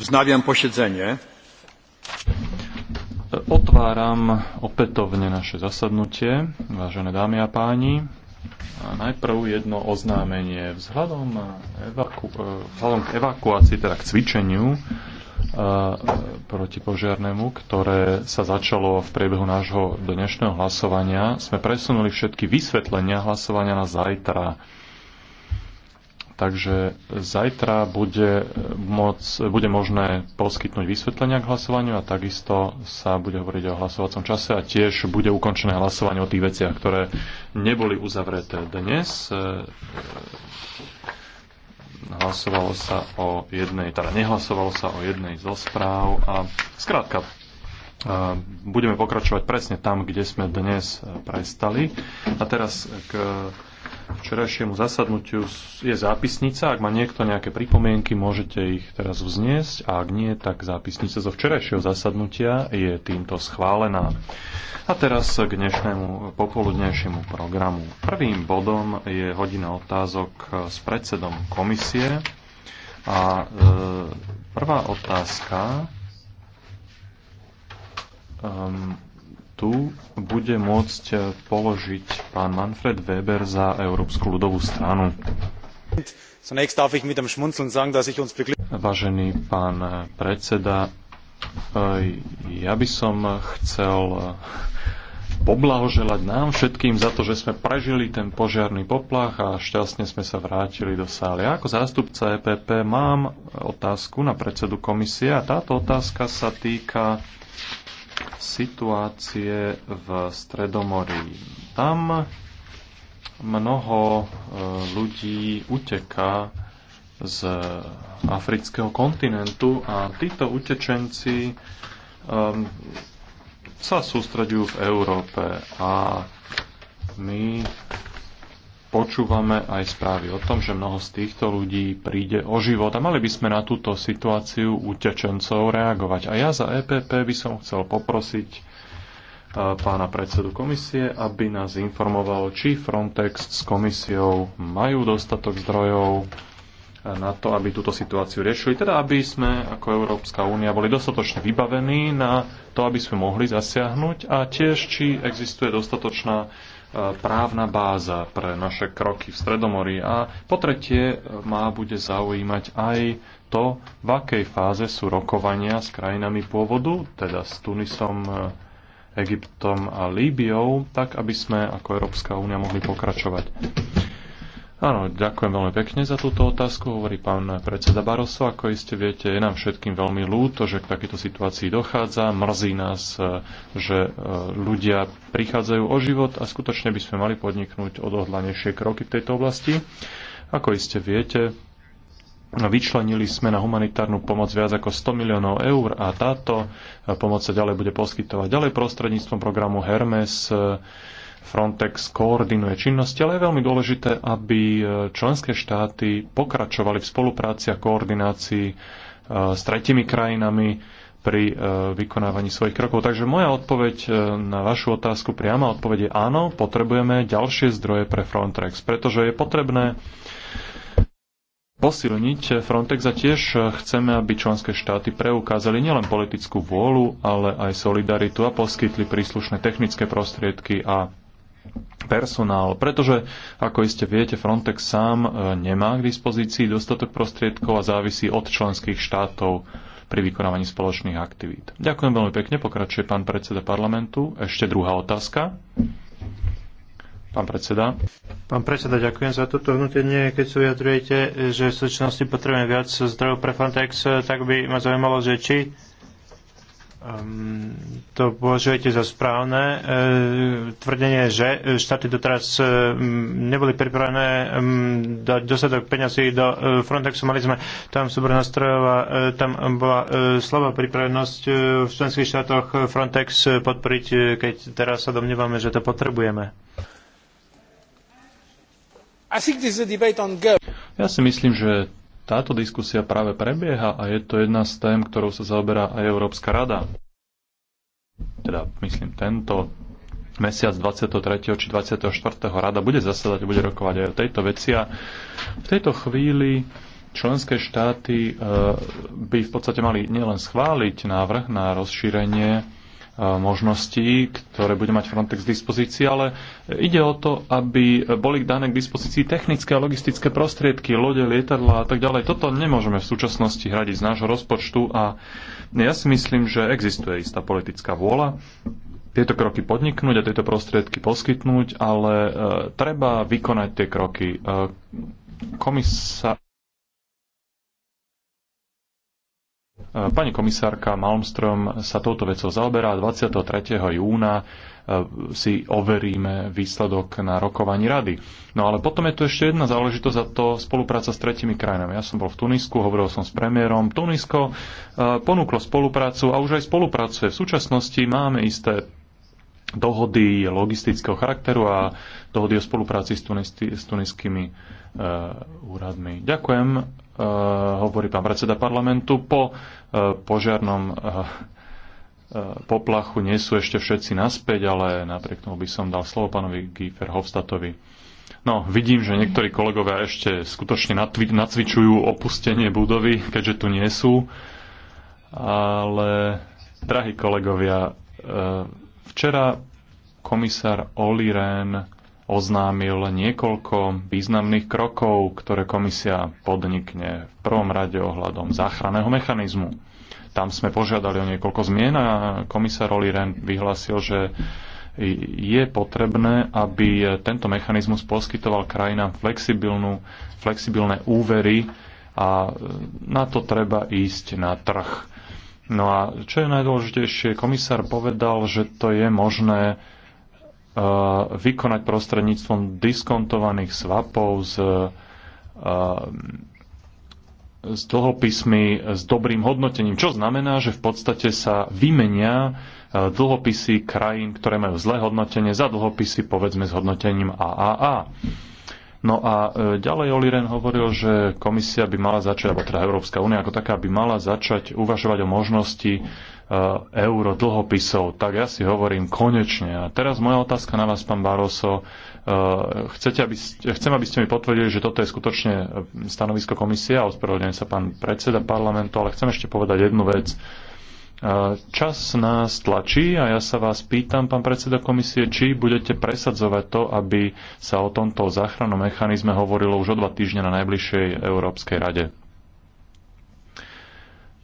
vznáviam posiedzenie. Otváram opätovne naše zasadnutie, vážené dámy a páni. A najprv jedno oznámenie. Vzhľadom, evaku- e, vzhľadom k evakuácii, teda k cvičeniu e, protipožiarnému, ktoré sa začalo v priebehu nášho dnešného hlasovania, sme presunuli všetky vysvetlenia hlasovania na zajtra. Takže zajtra bude, moc, bude možné poskytnúť vysvetlenia k hlasovaniu a takisto sa bude hovoriť o hlasovacom čase a tiež bude ukončené hlasovanie o tých veciach, ktoré neboli uzavreté dnes. Hlasovalo sa o jednej, teda nehlasovalo sa o jednej zo správ a skrátka budeme pokračovať presne tam, kde sme dnes prestali. A teraz k včerajšiemu zasadnutiu je zápisnica. Ak má niekto nejaké pripomienky, môžete ich teraz vzniesť. A ak nie, tak zápisnica zo včerajšieho zasadnutia je týmto schválená. A teraz k dnešnému popoludnejšiemu programu. Prvým bodom je hodina otázok s predsedom komisie. A e, prvá otázka. Um, tu bude môcť e, položiť pán Manfred Weber za Európsku ľudovú stranu. Vážený pán predseda, e, ja by som chcel e, poblahoželať nám všetkým za to, že sme prežili ten požiarný poplach a šťastne sme sa vrátili do sály. ako zástupca EPP mám otázku na predsedu komisie a táto otázka sa týka situácie v Stredomorí. Tam mnoho e, ľudí uteká z afrického kontinentu a títo utečenci um, sa sústreďujú v Európe a my počúvame aj správy o tom, že mnoho z týchto ľudí príde o život a mali by sme na túto situáciu utečencov reagovať. A ja za EPP by som chcel poprosiť e, pána predsedu komisie, aby nás informoval, či Frontex s komisiou majú dostatok zdrojov na to, aby túto situáciu riešili. Teda, aby sme ako Európska únia boli dostatočne vybavení na to, aby sme mohli zasiahnuť a tiež, či existuje dostatočná E, právna báza pre naše kroky v Stredomorí a po tretie e, má bude zaujímať aj to, v akej fáze sú rokovania s krajinami pôvodu, teda s Tunisom, e, Egyptom a Líbiou, tak aby sme ako Európska únia mohli pokračovať. Áno, ďakujem veľmi pekne za túto otázku, hovorí pán predseda Baroso. Ako iste viete, je nám všetkým veľmi ľúto, že k takéto situácii dochádza. Mrzí nás, eh, že eh, ľudia prichádzajú o život a skutočne by sme mali podniknúť odohľanejšie kroky v tejto oblasti. Ako iste viete, vyčlenili sme na humanitárnu pomoc viac ako 100 miliónov eur a táto eh, pomoc sa ďalej bude poskytovať ďalej prostredníctvom programu Hermes Frontex koordinuje činnosti, ale je veľmi dôležité, aby e, členské štáty pokračovali v spolupráci a koordinácii e, s tretimi krajinami pri e, vykonávaní svojich krokov. Takže moja odpoveď na vašu otázku, priama odpoveď je áno, potrebujeme ďalšie zdroje pre Frontex, pretože je potrebné posilniť Frontex a tiež chceme, aby členské štáty preukázali nielen politickú vôľu, ale aj solidaritu a poskytli príslušné technické prostriedky a personál, pretože, ako iste viete, Frontex sám e, nemá k dispozícii dostatok prostriedkov a závisí od členských štátov pri vykonávaní spoločných aktivít. Ďakujem veľmi pekne, pokračuje pán predseda parlamentu. Ešte druhá otázka. Pán predseda. Pán predseda, ďakujem za toto vnútenie. Keď sa vyjadrujete, že v súčasnosti potrebujeme viac zdrojov pre Frontex, tak by ma zaujímalo, že či um, to považujete za správne e, tvrdenie, že štáty doteraz e, neboli pripravené e, dať dostatok peňazí do e, Frontexu. Mali sme tam súbor nástrojov a e, tam bola e, slabá pripravenosť e, v členských štátoch Frontex podporiť, e, keď teraz sa domnievame, že to potrebujeme. Ja si myslím, že táto diskusia práve prebieha a je to jedna z tém, ktorou sa zaoberá aj Európska rada. Teda, myslím, tento mesiac 23. či 24. rada bude zasadať, bude rokovať aj o tejto veci a v tejto chvíli členské štáty eh, by v podstate mali nielen schváliť návrh na rozšírenie možností, ktoré bude mať Frontex k dispozícii, ale ide o to, aby boli dané k dispozícii technické a logistické prostriedky, lode, lietadla a tak ďalej. Toto nemôžeme v súčasnosti hradiť z nášho rozpočtu a ja si myslím, že existuje istá politická vôľa tieto kroky podniknúť a tieto prostriedky poskytnúť, ale e, treba vykonať tie kroky. E, komisa, E, pani komisárka Malmström sa touto vecou zaoberá 23. júna e, si overíme výsledok na rokovaní rady. No ale potom je tu ešte jedna záležitosť a to spolupráca s tretimi krajinami. Ja som bol v Tunisku, hovoril som s premiérom. Tunisko e, ponúklo spoluprácu a už aj spolupracuje. V súčasnosti máme isté dohody logistického charakteru a dohody o spolupráci s, tunis- s tuniskými uh, úradmi. Ďakujem, uh, hovorí pán predseda parlamentu. Po požiarnom eh, eh, poplachu nie sú ešte všetci naspäť, ale napriek tomu by som dal slovo pánovi Giefer Hofstatovi. No, vidím, že niektorí kolegovia ešte skutočne nacvičujú opustenie budovy, keďže tu nie sú. Ale, drahí kolegovia, eh, včera komisár Oli Rehn oznámil niekoľko významných krokov, ktoré komisia podnikne v prvom rade ohľadom záchranného mechanizmu. Tam sme požiadali o niekoľko zmien a komisár Oli Ren vyhlásil, že je potrebné, aby tento mechanizmus poskytoval krajinám flexibilné úvery a na to treba ísť na trh. No a čo je najdôležitejšie, komisár povedal, že to je možné vykonať prostredníctvom diskontovaných svapov s, s dlhopismi s dobrým hodnotením, čo znamená, že v podstate sa vymenia dlhopisy krajín, ktoré majú zlé hodnotenie, za dlhopisy povedzme s hodnotením AAA. No a e, ďalej Oliren hovoril, že komisia by mala začať, alebo teda Európska únia ako taká by mala začať uvažovať o možnosti e, euro dlhopisov. Tak ja si hovorím konečne. A teraz moja otázka na vás, pán Baroso. E, chcete, aby, chcem, aby ste mi potvrdili, že toto je skutočne stanovisko komisie a ospravedlňujem sa pán predseda parlamentu, ale chcem ešte povedať jednu vec Čas nás tlačí a ja sa vás pýtam, pán predseda komisie, či budete presadzovať to, aby sa o tomto záchrannom mechanizme hovorilo už o dva týždne na najbližšej Európskej rade.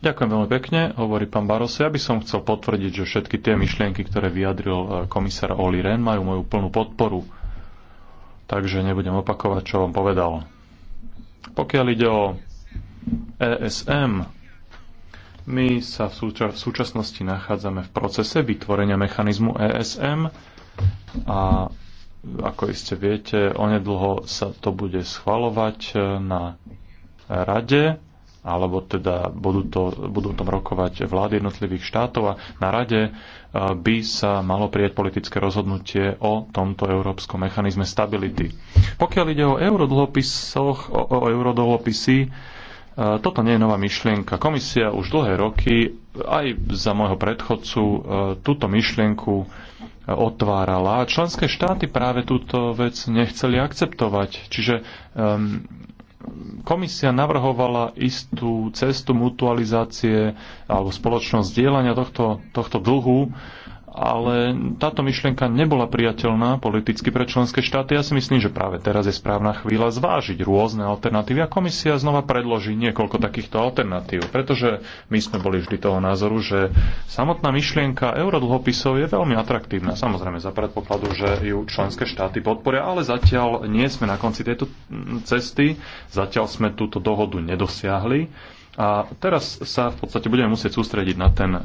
Ďakujem veľmi pekne, hovorí pán Barose. Ja by som chcel potvrdiť, že všetky tie myšlienky, ktoré vyjadril e, komisár Oli Ren, majú moju plnú podporu. Takže nebudem opakovať, čo vám povedal. Pokiaľ ide o ESM, my sa v, súča- v súčasnosti nachádzame v procese vytvorenia mechanizmu ESM a ako iste viete, onedlho sa to bude schvalovať e, na rade, alebo teda budú, to, budú tom rokovať vlády jednotlivých štátov a na rade e, by sa malo prijať politické rozhodnutie o tomto európskom mechanizme stability. Pokiaľ ide o eurodlhopisoch, o, o eurodlhopisy, toto nie je nová myšlienka. Komisia už dlhé roky, aj za môjho predchodcu, e, túto myšlienku e, otvárala. Členské štáty práve túto vec nechceli akceptovať. Čiže um, komisia navrhovala istú cestu mutualizácie alebo spoločnosť dielania tohto, tohto dlhu, ale táto myšlienka nebola priateľná politicky pre členské štáty. Ja si myslím, že práve teraz je správna chvíľa zvážiť rôzne alternatívy a komisia znova predloží niekoľko takýchto alternatív, pretože my sme boli vždy toho názoru, že samotná myšlienka eurodlhopisov je veľmi atraktívna. Samozrejme za predpokladu, že ju členské štáty podporia, ale zatiaľ nie sme na konci tejto cesty, zatiaľ sme túto dohodu nedosiahli. A teraz sa v podstate budeme musieť sústrediť na ten e,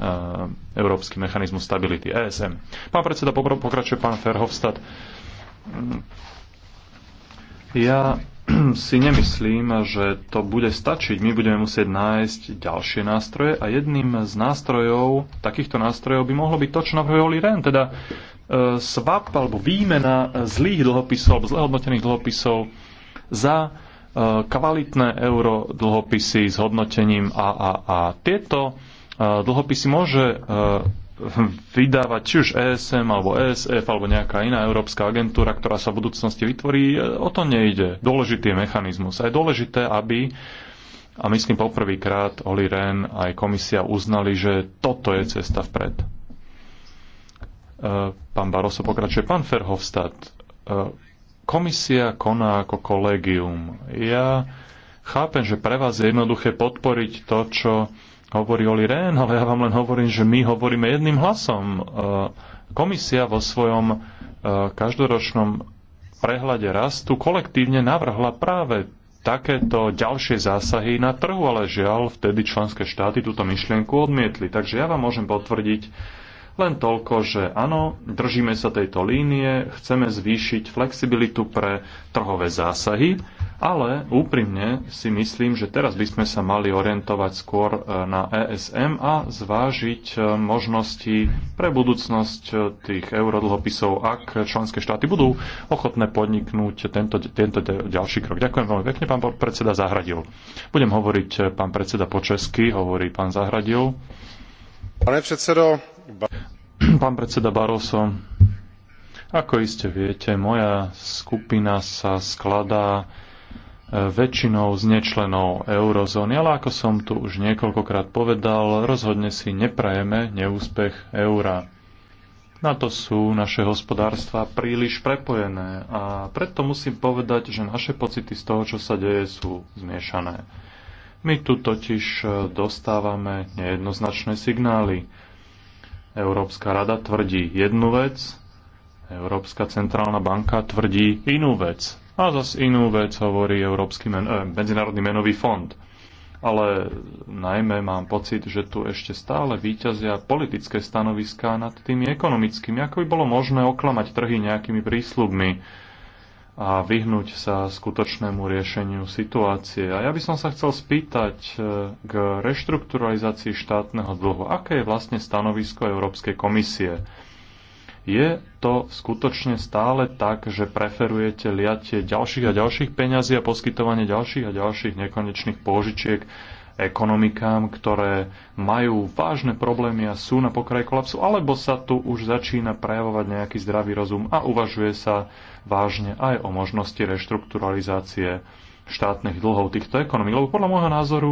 Európsky mechanizmus stability, ESM. Pán predseda, pokračuje pán Ferhovstad. Mm. Ja si nemyslím, že to bude stačiť. My budeme musieť nájsť ďalšie nástroje a jedným z nástrojov, takýchto nástrojov by mohlo byť to, čo navrhuje Oli Ren, teda e, swap alebo výmena zlých dlhopisov, zlehodnotených dlhopisov za E, kvalitné euro dlhopisy s hodnotením AAA. Tieto e, dlhopisy môže e, vydávať či už ESM alebo ESF alebo nejaká iná európska agentúra, ktorá sa v budúcnosti vytvorí, o to nejde. Dôležitý je mechanizmus. A je dôležité, aby a myslím poprvýkrát Oli Ren aj komisia uznali, že toto je cesta vpred. Pán Baroso pokračuje. Pán Ferhovstad, komisia koná ako kolegium. Ja chápem, že pre vás je jednoduché podporiť to, čo hovorí Oli Rehn, ale ja vám len hovorím, že my hovoríme jedným hlasom. E, komisia vo svojom e, každoročnom prehľade rastu kolektívne navrhla práve takéto ďalšie zásahy na trhu, ale žiaľ, vtedy členské štáty túto myšlienku odmietli. Takže ja vám môžem potvrdiť, len toľko, že áno, držíme sa tejto línie, chceme zvýšiť flexibilitu pre trhové zásahy, ale úprimne si myslím, že teraz by sme sa mali orientovať skôr e, na ESM a zvážiť e, možnosti pre budúcnosť e, tých eurodlhopisov, ak členské štáty budú ochotné podniknúť tento, tento ďalší krok. Ďakujem veľmi pekne, pán predseda Zahradil. Budem hovoriť, pán predseda, po česky, hovorí pán Zahradil. Pane predsedo, Pán predseda Barroso, ako iste viete, moja skupina sa skladá e, väčšinou z nečlenov eurozóny, ale ako som tu už niekoľkokrát povedal, rozhodne si neprajeme neúspech eura. Na to sú naše hospodárstva príliš prepojené a preto musím povedať, že naše pocity z toho, čo sa deje, sú zmiešané. My tu totiž e, dostávame nejednoznačné signály. Európska rada tvrdí jednu vec, Európska centrálna banka tvrdí inú vec. A zas inú vec hovorí Európsky men- eh, Medzinárodný menový fond. Ale najmä mám pocit, že tu ešte stále výťazia politické stanoviská nad tými ekonomickými. Ako by bolo možné oklamať trhy nejakými prísľubmi? a vyhnúť sa skutočnému riešeniu situácie. A ja by som sa chcel spýtať e, k reštrukturalizácii štátneho dlhu. Aké je vlastne stanovisko Európskej komisie? Je to skutočne stále tak, že preferujete liatie ďalších a ďalších peňazí a poskytovanie ďalších a ďalších nekonečných pôžičiek ekonomikám, ktoré majú vážne problémy a sú na pokraji kolapsu, alebo sa tu už začína prejavovať nejaký zdravý rozum a uvažuje sa vážne aj o možnosti reštrukturalizácie štátnych dlhov týchto ekonomík. Lebo podľa môjho názoru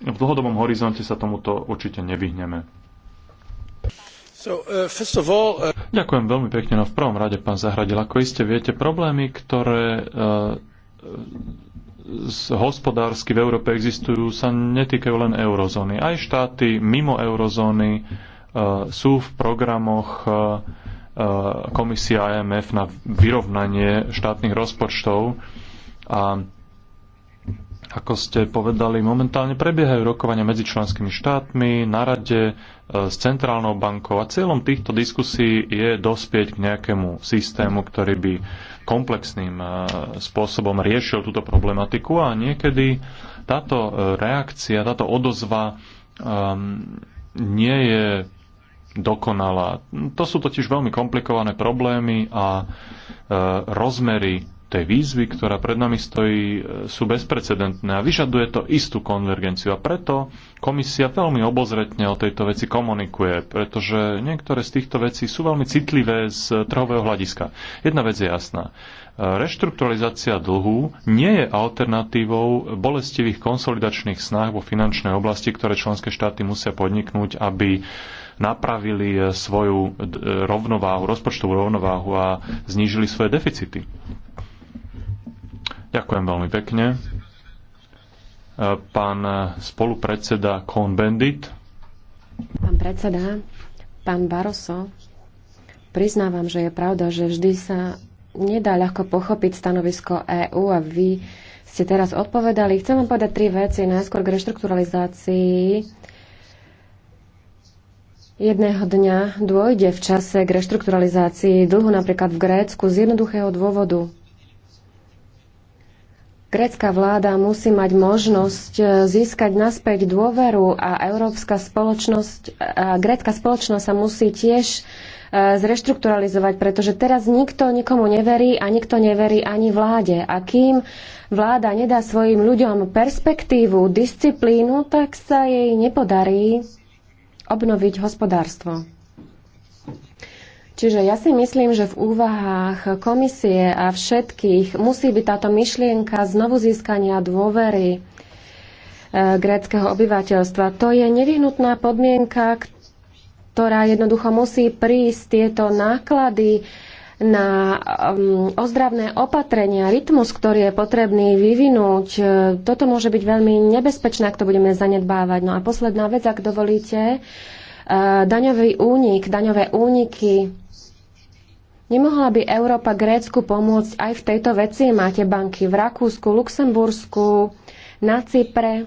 v dlhodobom horizonte sa tomuto určite nevyhneme. So, uh, all, uh... Ďakujem veľmi pekne. No v prvom rade, pán Zahradil, ako iste viete, problémy, ktoré uh, hospodársky v Európe existujú, sa netýkajú len eurozóny. Aj štáty mimo eurozóny e, sú v programoch e, e, komisia IMF na vyrovnanie štátnych rozpočtov a ako ste povedali, momentálne prebiehajú rokovania medzi členskými štátmi, na rade, e, s centrálnou bankou a cieľom týchto diskusí je dospieť k nejakému systému, ktorý by komplexným e, spôsobom riešil túto problematiku a niekedy táto e, reakcia, táto odozva nie je dokonalá. To sú totiž veľmi komplikované problémy a rozmery tej výzvy, ktorá pred nami stojí, e, sú bezprecedentné a vyžaduje to istú konvergenciu. A preto komisia veľmi obozretne o tejto veci komunikuje, pretože niektoré z týchto vecí sú veľmi citlivé z trhového hľadiska. Jedna vec je jasná. E, reštrukturalizácia dlhu nie je alternatívou bolestivých konsolidačných snah vo finančnej oblasti, ktoré členské štáty musia podniknúť, aby napravili e, svoju rovnováhu, rozpočtovú rovnováhu a znížili svoje deficity. Ďakujem veľmi pekne. E, pán spolupredseda Kohn-Bendit. Pán predseda, pán Baroso, priznávam, že je pravda, že vždy sa nedá ľahko pochopiť stanovisko EÚ a vy ste teraz odpovedali. Chcem vám povedať tri veci. Najskôr k reštrukturalizácii. Jedného dňa dôjde v čase k reštrukturalizácii dlhu napríklad v Grécku z jednoduchého dôvodu Grécka vláda musí mať možnosť e, získať naspäť dôveru a európska spoločnosť, a grécka spoločnosť sa musí tiež e, zreštrukturalizovať, pretože teraz nikto nikomu neverí a nikto neverí ani vláde. A kým vláda nedá svojim ľuďom perspektívu, disciplínu, tak sa jej nepodarí obnoviť hospodárstvo. Čiže ja si myslím, že v úvahách komisie a všetkých musí byť táto myšlienka znovu získania dôvery e, gréckého obyvateľstva. To je nevyhnutná podmienka, ktorá jednoducho musí prísť tieto náklady na um, ozdravné opatrenia, rytmus, ktorý je potrebný vyvinúť. E, toto môže byť veľmi nebezpečné, ak to budeme zanedbávať. No a posledná vec, ak dovolíte, e, daňový únik, daňové úniky Nemohla by Európa Grécku pomôcť aj v tejto veci? Máte banky v Rakúsku, Luxembursku, na Cypre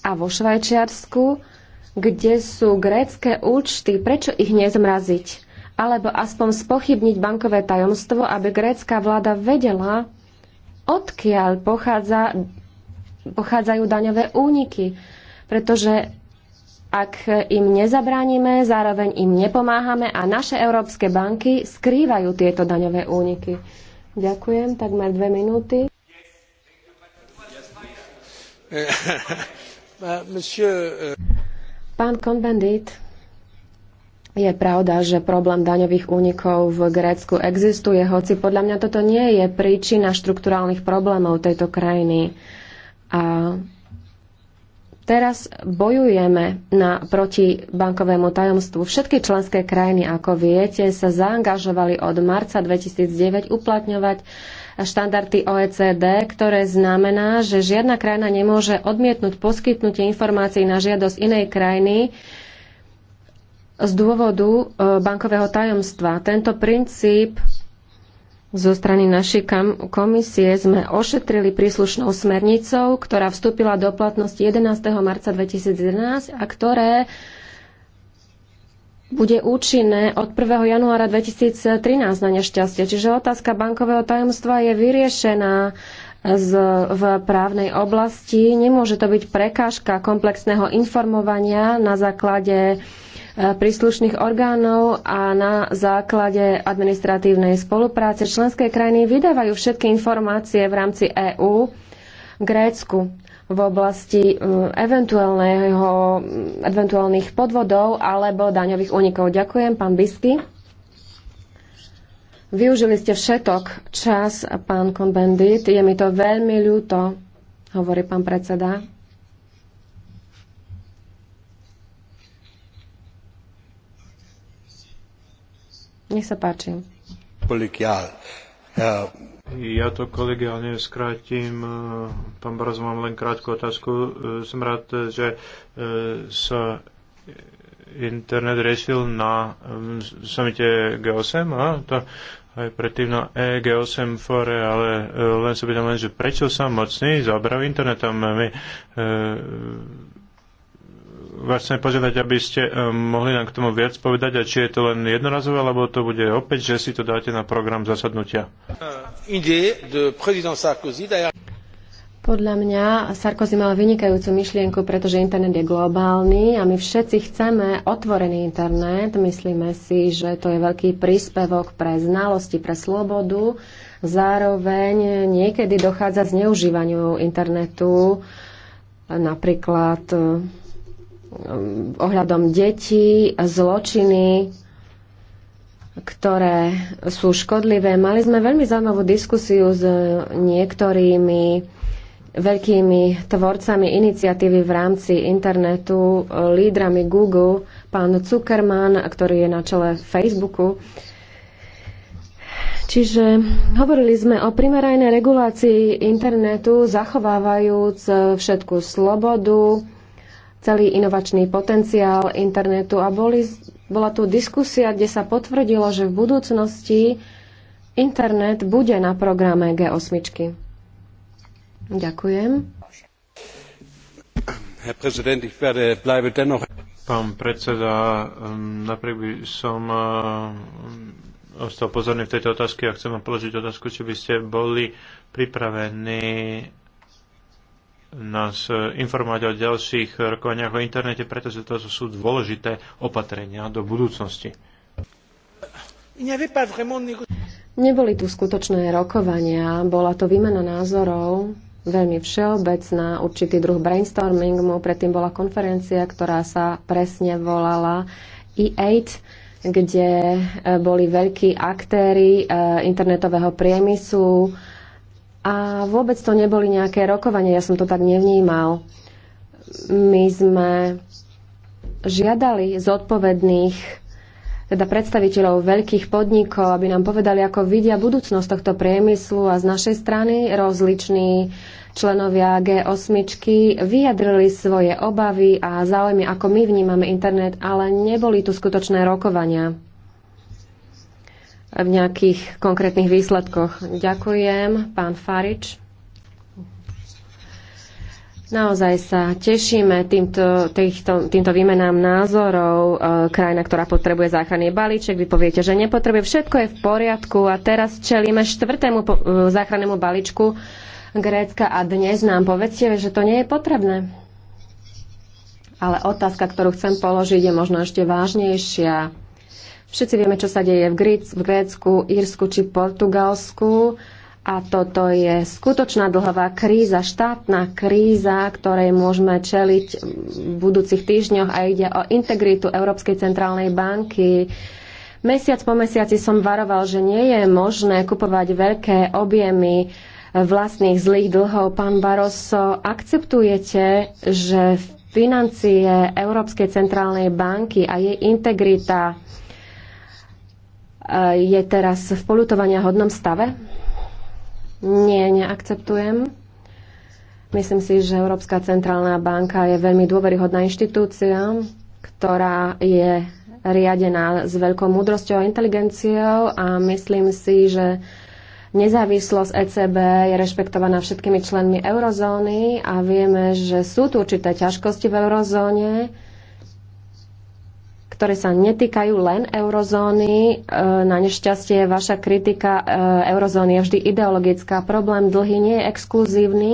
a vo Švajčiarsku, kde sú grécké účty. Prečo ich nezmraziť? Alebo aspoň spochybniť bankové tajomstvo, aby grécka vláda vedela, odkiaľ pochádza, pochádzajú daňové úniky. Pretože ak im nezabránime, zároveň im nepomáhame a naše európske banky skrývajú tieto daňové úniky. Ďakujem, takmer dve minúty. Eh, Pán Konbendit, je pravda, že problém daňových únikov v Grécku existuje, hoci podľa mňa toto nie je príčina štrukturálnych problémov tejto krajiny. A Teraz bojujeme na, proti bankovému tajomstvu. Všetky členské krajiny, ako viete, sa zaangažovali od marca 2009 uplatňovať štandardy OECD, ktoré znamená, že žiadna krajina nemôže odmietnúť poskytnutie informácií na žiadosť inej krajiny z dôvodu e, bankového tajomstva. Tento princíp zo strany našej komisie sme ošetrili príslušnou smernicou, ktorá vstúpila do platnosti 11. marca 2011 a ktoré bude účinné od 1. januára 2013 na nešťastie. Čiže otázka bankového tajomstva je vyriešená z, v právnej oblasti. Nemôže to byť prekážka komplexného informovania na základe príslušných orgánov a na základe administratívnej spolupráce členské krajiny vydávajú všetky informácie v rámci EÚ Grécku v oblasti e, eventuálneho, eventuálnych podvodov alebo daňových únikov. Ďakujem, pán Bisky. Využili ste všetok čas, pán Konbendit. Je mi to veľmi ľúto, hovorí pán predseda. Nech sa páči. Polikiál. Ja to kolegiálne skrátim. Pán Baraz, mám len krátku otázku. E, som rád, že e, sa internet riešil na e, samite G8 a to aj predtým na EG8 fore, ale len sa pýtam len, že prečo sa mocný zabral internetom? My vás chcem požiadať, aby ste e, mohli nám k tomu viac povedať, a či je to len jednorazové, alebo to bude opäť, že si to dáte na program zasadnutia. Uh, Podľa mňa Sarkozy mal vynikajúcu myšlienku, pretože internet je globálny a my všetci chceme otvorený internet. Myslíme si, že to je veľký príspevok pre znalosti, pre slobodu. Zároveň niekedy dochádza zneužívaniu internetu napríklad ohľadom detí, zločiny, ktoré sú škodlivé. Mali sme veľmi zaujímavú diskusiu s niektorými veľkými tvorcami iniciatívy v rámci internetu, lídrami Google, pán Zuckerman, ktorý je na čele Facebooku. Čiže hovorili sme o primerajnej regulácii internetu, zachovávajúc všetku slobodu, celý inovačný potenciál internetu a boli, bola tu diskusia, kde sa potvrdilo, že v budúcnosti internet bude na programe G8. Ďakujem. Herr Präsident, ich werde, bleibe dennoch Pán predseda, ehm, napriek by som ehm, ostal pozorný v tejto otázke a chcem vám položiť otázku, či by ste boli pripravení nás eh, informovať o ďalších rokovaniach o internete, pretože to sú dôležité opatrenia do budúcnosti. Neboli tu skutočné rokovania, bola to výmena názorov, veľmi všeobecná, určitý druh brainstormingu, predtým bola konferencia, ktorá sa presne volala E8, kde eh, boli veľkí aktéry eh, internetového priemyslu, a vôbec to neboli nejaké rokovania, ja som to tak nevnímal. My sme žiadali zodpovedných, teda predstaviteľov veľkých podnikov, aby nám povedali, ako vidia budúcnosť tohto priemyslu a z našej strany rozliční členovia G8 vyjadrili svoje obavy a záujmy, ako my vnímame internet, ale neboli tu skutočné rokovania v nejakých konkrétnych výsledkoch. Ďakujem, pán Farič. Naozaj sa tešíme týmto, týchto, týmto výmenám názorov. E, krajina, ktorá potrebuje záchranný balíček, vy poviete, že nepotrebuje. Všetko je v poriadku a teraz čelíme štvrtému e, záchrannému balíčku Grécka a dnes nám povedzte, že to nie je potrebné. Ale otázka, ktorú chcem položiť, je možno ešte vážnejšia Všetci vieme, čo sa deje v, Gríc, v Grécku, Írsku či Portugalsku. A toto je skutočná dlhová kríza, štátna kríza, ktorej môžeme čeliť v budúcich týždňoch a ide o integritu Európskej centrálnej banky. Mesiac po mesiaci som varoval, že nie je možné kupovať veľké objemy vlastných zlých dlhov. Pán Barroso, akceptujete, že financie Európskej centrálnej banky a jej integrita Eh, je teraz v polutovania hodnom stave? Nie, neakceptujem. Myslím si, že Európska centrálna banka je veľmi dôveryhodná inštitúcia, ktorá je riadená s veľkou múdrosťou a inteligenciou a myslím si, že nezávislosť ECB je rešpektovaná všetkými členmi eurozóny a vieme, že sú tu určité ťažkosti v eurozóne, ktoré sa netýkajú len eurozóny. E, na nešťastie vaša kritika e, eurozóny je vždy ideologická. Problém dlhy nie je exkluzívny.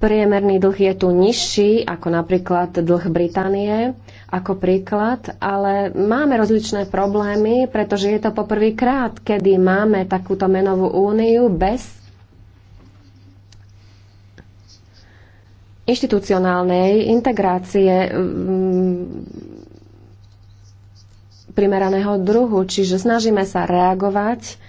Priemerný dlh je tu nižší, ako napríklad dlh Británie, ako príklad, ale máme rozličné problémy, pretože je to poprvýkrát, kedy máme takúto menovú úniu bez inštitucionálnej integrácie mm, primeraného druhu. Čiže snažíme sa reagovať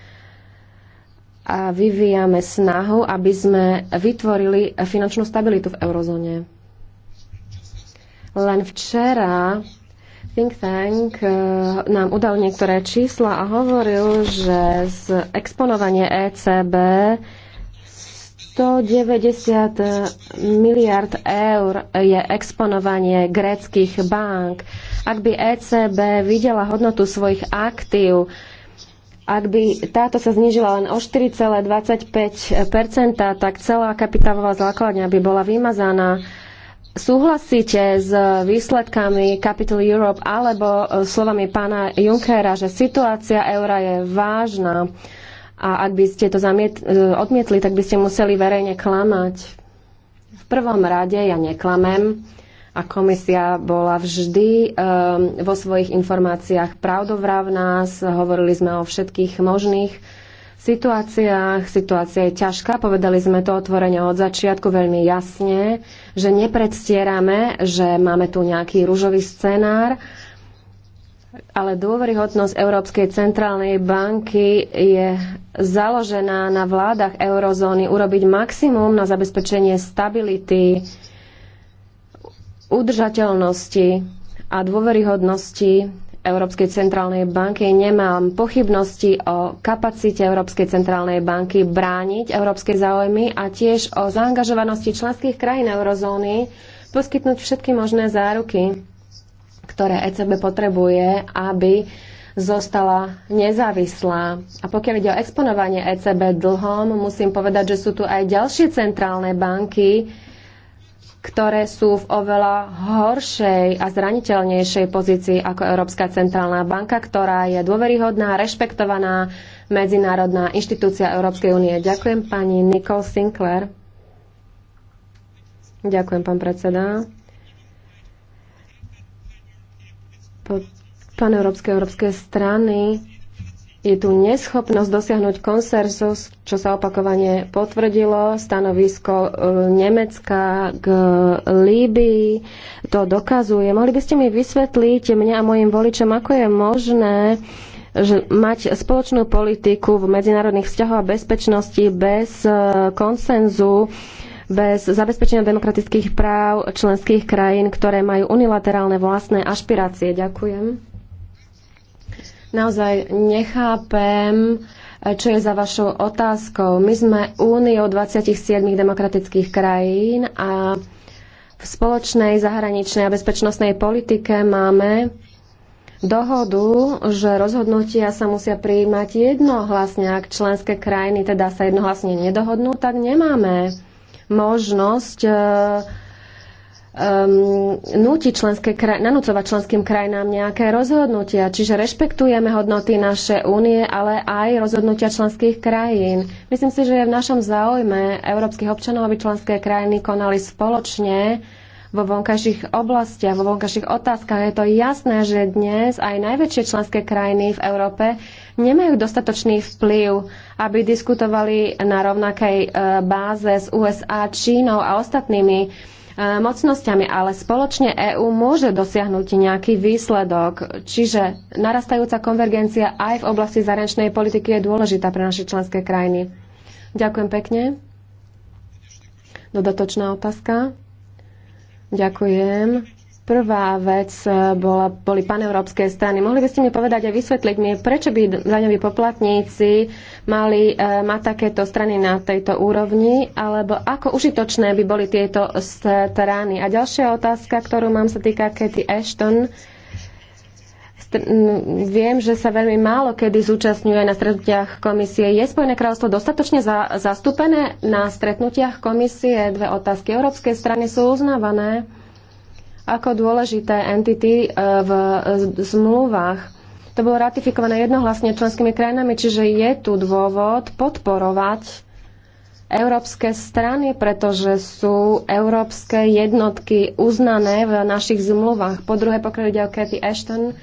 a vyvíjame snahu, aby sme vytvorili finančnú stabilitu v eurozóne. Len včera Think Tank eh, nám udal niektoré čísla a hovoril, že z exponovanie ECB 190 miliard eur je exponovanie gréckých bank. Ak by ECB videla hodnotu svojich aktív, ak by táto sa znížila len o 4,25 tak celá kapitálová základňa by bola vymazaná. Súhlasíte s výsledkami Capital Europe alebo slovami pána Junckera, že situácia eura je vážna? A ak by ste to zamiet- e, odmietli, tak by ste museli verejne klamať. V prvom rade ja neklamem a komisia bola vždy um, vo svojich informáciách pravdovravná. Hovorili sme o všetkých možných situáciách. Situácia je ťažká, povedali sme to otvorene od začiatku veľmi jasne, že nepredstierame, že máme tu nejaký rúžový scenár ale dôveryhodnosť Európskej centrálnej banky je založená na vládach eurozóny urobiť maximum na zabezpečenie stability, udržateľnosti a dôveryhodnosti Európskej centrálnej banky. Nemám pochybnosti o kapacite Európskej centrálnej banky brániť európske záujmy a tiež o zaangažovanosti členských krajín eurozóny poskytnúť všetky možné záruky ktoré ECB potrebuje, aby zostala nezávislá. A pokiaľ ide o exponovanie ECB dlhom, musím povedať, že sú tu aj ďalšie centrálne banky, ktoré sú v oveľa horšej a zraniteľnejšej pozícii ako Európska centrálna banka, ktorá je dôveryhodná, rešpektovaná medzinárodná inštitúcia Európskej únie. Ďakujem pani Nicole Sinclair. Ďakujem, pán predseda. paneurópskej európskej strany je tu neschopnosť dosiahnuť konsensus, čo sa opakovane potvrdilo, stanovisko e, Nemecka k e, Líbii to dokazuje. Mohli by ste mi vysvetliť mňa a mojim voličom, ako je možné že mať spoločnú politiku v medzinárodných vzťahoch a bezpečnosti bez e, konsenzu bez zabezpečenia demokratických práv členských krajín, ktoré majú unilaterálne vlastné ašpirácie. Ďakujem. Naozaj nechápem, čo je za vašou otázkou. My sme úniou 27 demokratických krajín a v spoločnej zahraničnej a bezpečnostnej politike máme dohodu, že rozhodnutia sa musia prijímať jednohlasne. Ak členské krajiny teda sa jednohlasne nedohodnú, tak nemáme možnosť eh, ehm, nútiť členské kraj- nanúcovať členským krajinám nejaké rozhodnutia. Čiže rešpektujeme hodnoty naše únie, ale aj rozhodnutia členských krajín. Myslím si, že je v našom záujme európskych občanov, aby členské krajiny konali spoločne vo vonkajších oblastiach, vo vonkajších otázkach. Je to jasné, že dnes aj najväčšie členské krajiny v Európe nemajú dostatočný vplyv, aby diskutovali na rovnakej e, báze s USA, Čínou a ostatnými e, mocnosťami, ale spoločne EÚ môže dosiahnuť nejaký výsledok. Čiže narastajúca konvergencia aj v oblasti zahraničnej politiky je dôležitá pre naše členské krajiny. Ďakujem pekne. Dodatočná otázka. Ďakujem. Prvá vec eh, bola, boli paneurópske strany. Mohli by ste mi povedať a vysvetliť mi, prečo by daňoví poplatníci mali e, mať takéto strany na tejto úrovni, alebo ako užitočné by boli tieto strany. A ďalšia otázka, ktorú mám, sa týka Katy Ashton. Viem, že sa veľmi málo kedy zúčastňuje na stretnutiach komisie. Je Spojené kráľovstvo dostatočne za, zastúpené na stretnutiach komisie? Dve otázky. Európske strany sú uznávané ako dôležité entity e, v zmluvách. To bolo ratifikované jednohlasne členskými krajinami, čiže je tu dôvod podporovať európske strany, pretože sú európske jednotky uznané v našich zmluvách. Po druhé, pokrajú ďal Cathy Ashton,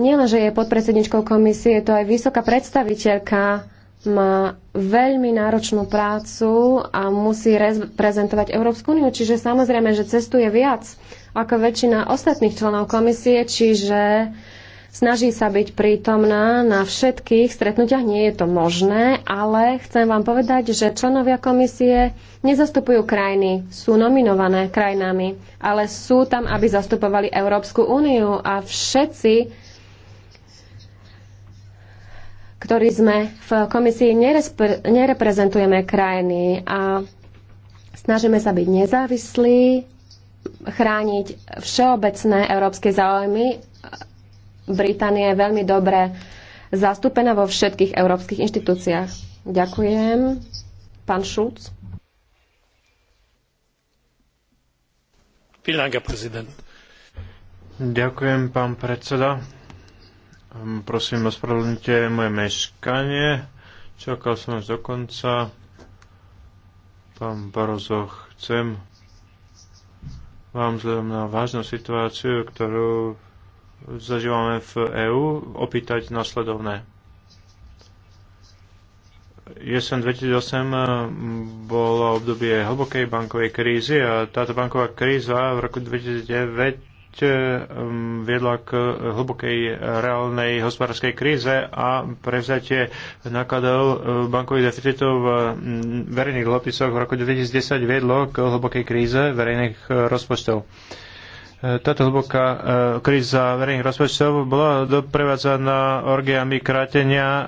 nielenže je podpredsedničkou komisie, je to aj vysoká predstaviteľka má veľmi náročnú prácu a musí reprezentovať Európsku úniu, čiže samozrejme, že cestuje viac ako väčšina ostatných členov komisie, čiže snaží sa byť prítomná na všetkých stretnutiach. Nie je to možné, ale chcem vám povedať, že členovia komisie nezastupujú krajiny, sú nominované krajinami, ale sú tam, aby zastupovali Európsku úniu a všetci ktorí sme v komisii nereprezentujeme krajiny a snažíme sa byť nezávislí, chrániť všeobecné európske záujmy. Británia je veľmi dobre zastúpená vo všetkých európskych inštitúciách. Ďakujem. Pán Šulc. Ďakujem, pán predseda. Ehm, prosím, ospravedlňte moje meškanie. Čakal som až do konca. Pán Barozo, chcem vám vzhľadom na vážnu situáciu, ktorú zažívame v EÚ, opýtať nasledovné. Jesen 2008 ehm, bolo obdobie hlbokej bankovej krízy a táto banková kríza v roku 2009 Eh, viedla k eh, hlbokej eh, reálnej hospodárskej kríze a prevzatie nakladov bankových deficitov v mm, verejných dlhopisoch v roku 2010 viedlo k hlbokej kríze verejných rozpočtov táto hlboká kríza verejných rozpočtov bola doprevádzaná orgiami krátenia,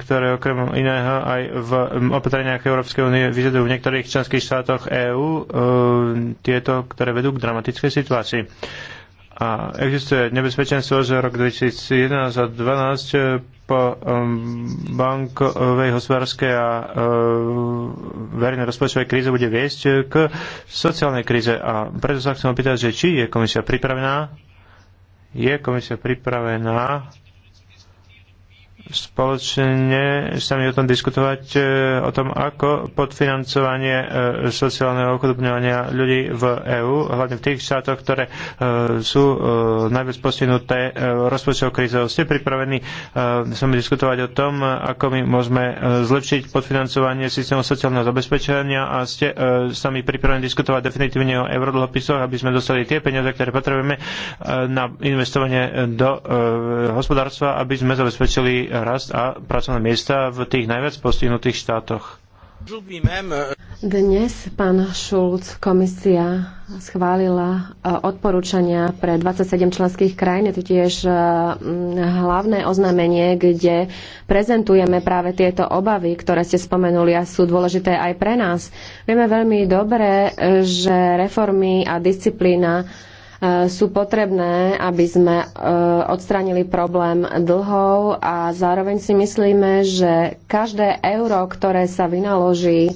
ktoré okrem iného aj v opatreniach Európskej únie vyžadujú v niektorých členských štátoch EÚ, tieto, ktoré vedú k dramatickej situácii. A existuje nebezpečenstvo, že rok 2011 a 2012 eh, po ehm, bankovej, hospodárskej a eh, verejnej rozpočtovej kríze bude viesť eh, k sociálnej kríze. A preto sa chcem opýtať, že či je komisia pripravená je komisia pripravená spoločne sa mi o tom diskutovať, e, o tom, ako podfinancovanie e, sociálneho ochudobňovania ľudí v EÚ, hlavne v tých štátoch, ktoré e, sú najviac postihnuté rozpočtovou krízou. Ste pripravení sa mi diskutovať o tom, ako my môžeme zlepšiť podfinancovanie systému sociálneho zabezpečenia a ste sami pripravení diskutovať definitívne o eurodlhopisoch, aby sme dostali tie peniaze, ktoré potrebujeme na investovanie do hospodárstva, aby sme zabezpečili rast a pracovné miesta v tých najviac postihnutých štátoch. Dnes, pán Šulc, komisia schválila e, odporúčania pre 27 členských krajín. Je to tiež e, hlavné oznámenie, kde prezentujeme práve tieto obavy, ktoré ste spomenuli a sú dôležité aj pre nás. Vieme veľmi dobre, e, že reformy a disciplína sú potrebné, aby sme e, odstránili problém dlhov a zároveň si myslíme, že každé euro, ktoré sa vynaloží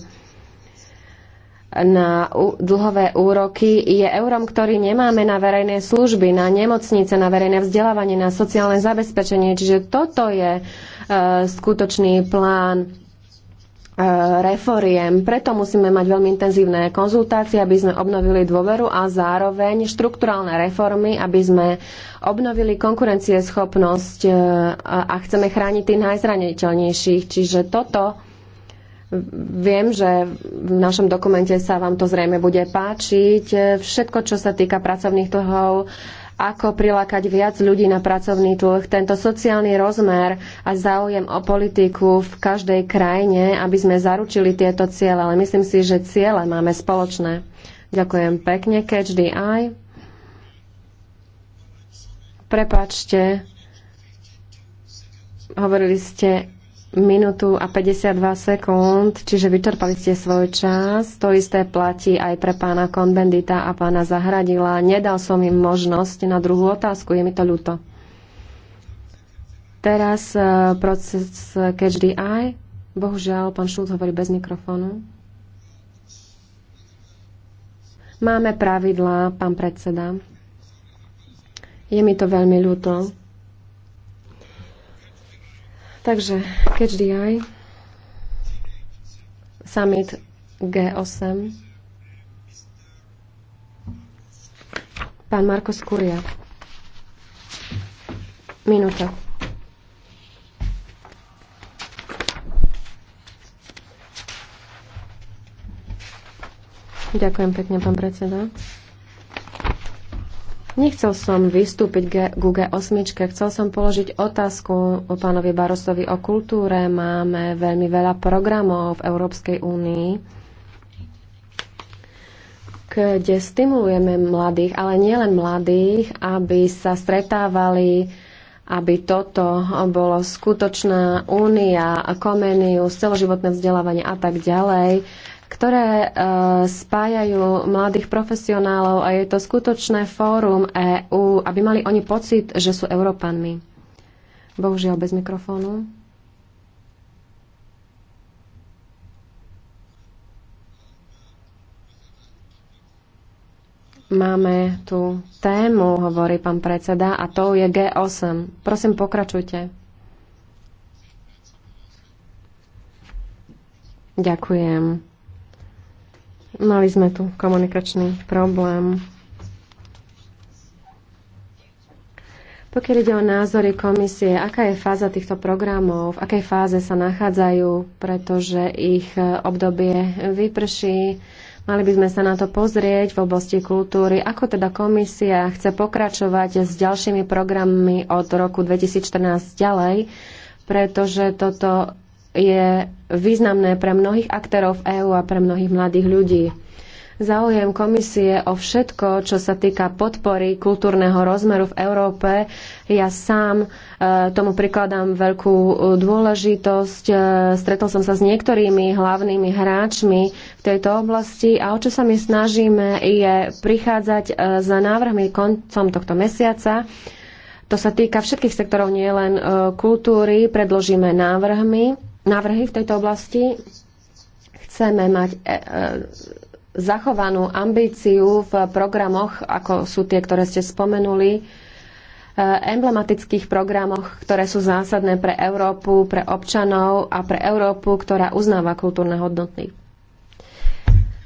na dlhové úroky je eurom, ktorý nemáme na verejné služby, na nemocnice, na verejné vzdelávanie, na sociálne zabezpečenie. Čiže toto je e, skutočný plán E, reforiem. Preto musíme mať veľmi intenzívne konzultácie, aby sme obnovili dôveru a zároveň štrukturálne reformy, aby sme obnovili konkurencieschopnosť e, a chceme chrániť tých najzraniteľnejších. Čiže toto Viem, že v našom dokumente sa vám to zrejme bude páčiť. E, všetko, čo sa týka pracovných trhov, ako prilákať viac ľudí na pracovný trh. Tento sociálny rozmer a záujem o politiku v každej krajine, aby sme zaručili tieto ciele, ale myslím si, že ciele máme spoločné. Ďakujem pekne, catch the eye. Prepačte, hovorili ste minútu a 52 sekúnd, čiže vyčerpali ste svoj čas. To isté platí aj pre pána Konbendita a pána Zahradila. Nedal som im možnosť na druhú otázku, je mi to ľúto. Teraz eh, proces Catch the Eye. Bohužiaľ, pán Šulc hovorí bez mikrofónu. Máme pravidlá, pán predseda. Je mi to veľmi ľúto. Takže KHDI, summit G8, pán Marko Skúria. Minúta. Ďakujem pekne, pán predseda. Nechcel som vystúpiť k G8, chcel som položiť otázku o pánovi Barosovi o kultúre. Máme veľmi veľa programov v Európskej únii, kde stimulujeme mladých, ale nielen mladých, aby sa stretávali, aby toto bolo skutočná únia, komeniu, celoživotné vzdelávanie a tak ďalej ktoré e, spájajú mladých profesionálov a je to skutočné fórum EÚ, aby mali oni pocit, že sú Európanmi. Bohužiaľ bez mikrofónu. Máme tu tému, hovorí pán predseda, a to je G8. Prosím, pokračujte. Ďakujem. Mali sme tu komunikačný problém. Pokiaľ ide o názory komisie, aká je fáza týchto programov, v akej fáze sa nachádzajú, pretože ich obdobie vyprší, mali by sme sa na to pozrieť v oblasti kultúry, ako teda komisia chce pokračovať s ďalšími programmi od roku 2014 ďalej, pretože toto je významné pre mnohých aktérov v EÚ a pre mnohých mladých ľudí. Záujem komisie o všetko, čo sa týka podpory kultúrneho rozmeru v Európe, ja sám e, tomu prikladám veľkú e, dôležitosť. E, stretol som sa s niektorými hlavnými hráčmi v tejto oblasti a o čo sa my snažíme je prichádzať e, za návrhmi koncom tohto mesiaca. To sa týka všetkých sektorov, nielen e, kultúry. Predložíme návrhmi návrhy v tejto oblasti. Chceme mať e, e, zachovanú ambíciu v programoch, ako sú tie, ktoré ste spomenuli, e, emblematických programoch, ktoré sú zásadné pre Európu, pre občanov a pre Európu, ktorá uznáva kultúrne hodnoty.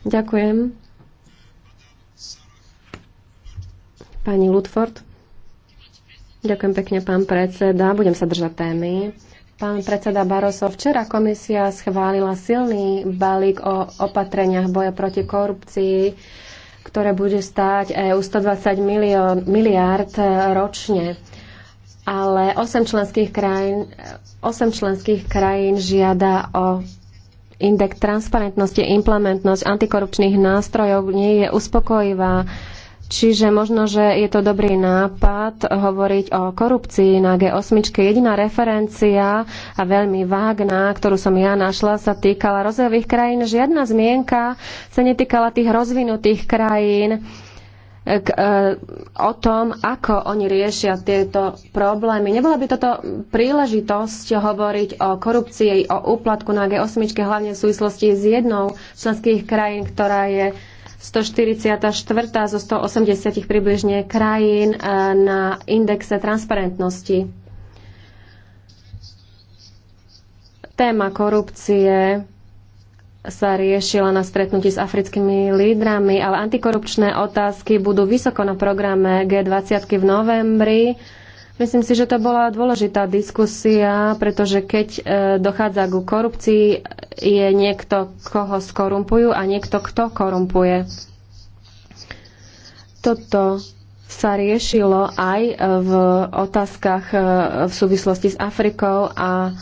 Ďakujem. Pani Ludford. Ďakujem pekne, pán predseda. Budem sa držať témy. Pán predseda Barroso, včera komisia schválila silný balík o opatreniach boja proti korupcii, ktoré bude stáť EU 120 milión, miliárd e, ročne. Ale 8 členských, krajín, 8 e, členských krajín žiada o index transparentnosti, implementnosť antikorupčných nástrojov nie je uspokojivá Čiže možno, že je to dobrý nápad hovoriť o korupcii na G8. Jediná referencia a veľmi vágná, ktorú som ja našla, sa týkala rozvojových krajín. Žiadna zmienka sa netýkala tých rozvinutých krajín k, e, o tom, ako oni riešia tieto problémy. Nebola by toto príležitosť hovoriť o korupcii, o úplatku na G8, hlavne v súvislosti s jednou členských krajín, ktorá je 144. zo 180 približne krajín eh, na indexe transparentnosti. Téma korupcie sa riešila na stretnutí s africkými lídrami, ale antikorupčné otázky budú vysoko na programe G20 v novembri. Myslím si, že to bola dôležitá diskusia, pretože keď eh, dochádza ku korupcii, je niekto, koho skorumpujú a niekto, kto korumpuje. Toto sa riešilo aj v otázkach e, v súvislosti s Afrikou a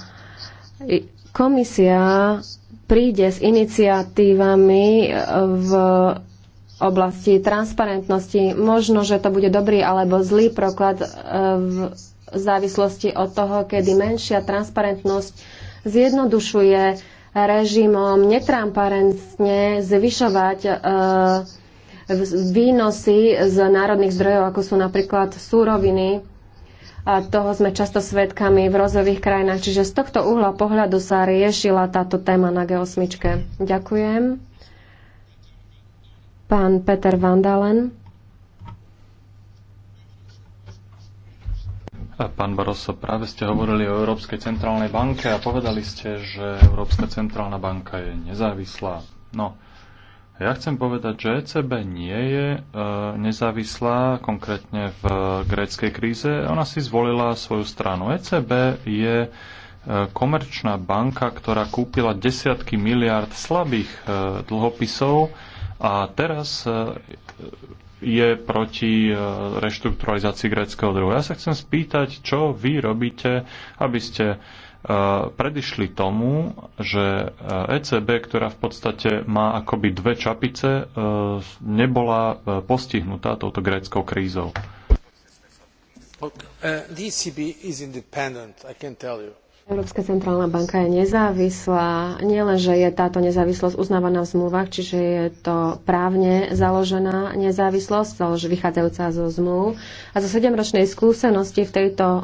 komisia príde s iniciatívami e, v oblasti transparentnosti. Možno, že to bude dobrý alebo zlý proklad e, v závislosti od toho, kedy menšia transparentnosť zjednodušuje režimom netransparentne zvyšovať e, výnosy z národných zdrojov, ako sú napríklad súroviny. A toho sme často svedkami v rozových krajinách. Čiže z tohto uhla pohľadu sa riešila táto téma na G8. Ďakujem. Pán Peter Vandalen. Pán Barroso, práve ste hovorili o Európskej centrálnej banke a povedali ste, že Európska centrálna banka je nezávislá. No, ja chcem povedať, že ECB nie je e, nezávislá, konkrétne v e, gréckej kríze. Ona si zvolila svoju stranu. ECB je e, komerčná banka, ktorá kúpila desiatky miliard slabých e, dlhopisov a teraz je proti e, reštrukturalizácii gréckého druhu. Ja sa chcem spýtať, čo vy robíte, aby ste e, predišli tomu, že ECB, e ktorá v podstate má akoby dve čapice, nebola postihnutá touto gréckou krízou. Look, uh, the ECB is independent, I can tell you Európska centrálna banka je nezávislá. nie len, že je táto nezávislosť uznávaná v zmluvách, čiže je to právne založená nezávislosť, založená vychádzajúca zo zmluv. A zo sedemročnej skúsenosti v tejto mm,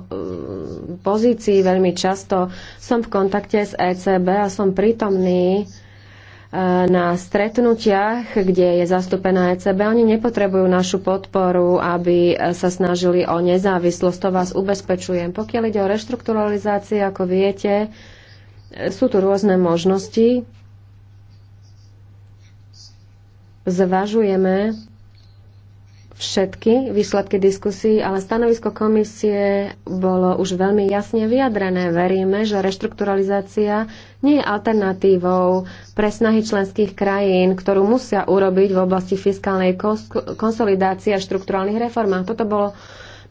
pozícii veľmi často som v kontakte s ECB a som prítomný na stretnutiach, kde je zastúpená ECB. Oni nepotrebujú našu podporu, aby e, sa snažili o nezávislosť. To vás ubezpečujem. Pokiaľ ide o reštrukturalizácii, ako viete, e, sú tu rôzne možnosti. Zvažujeme všetky výsledky diskusí, ale stanovisko komisie bolo už veľmi jasne vyjadrené. Veríme, že reštrukturalizácia nie je alternatívou pre snahy členských krajín, ktorú musia urobiť v oblasti fiskálnej konsolidácie a štrukturálnych reformách. Toto bolo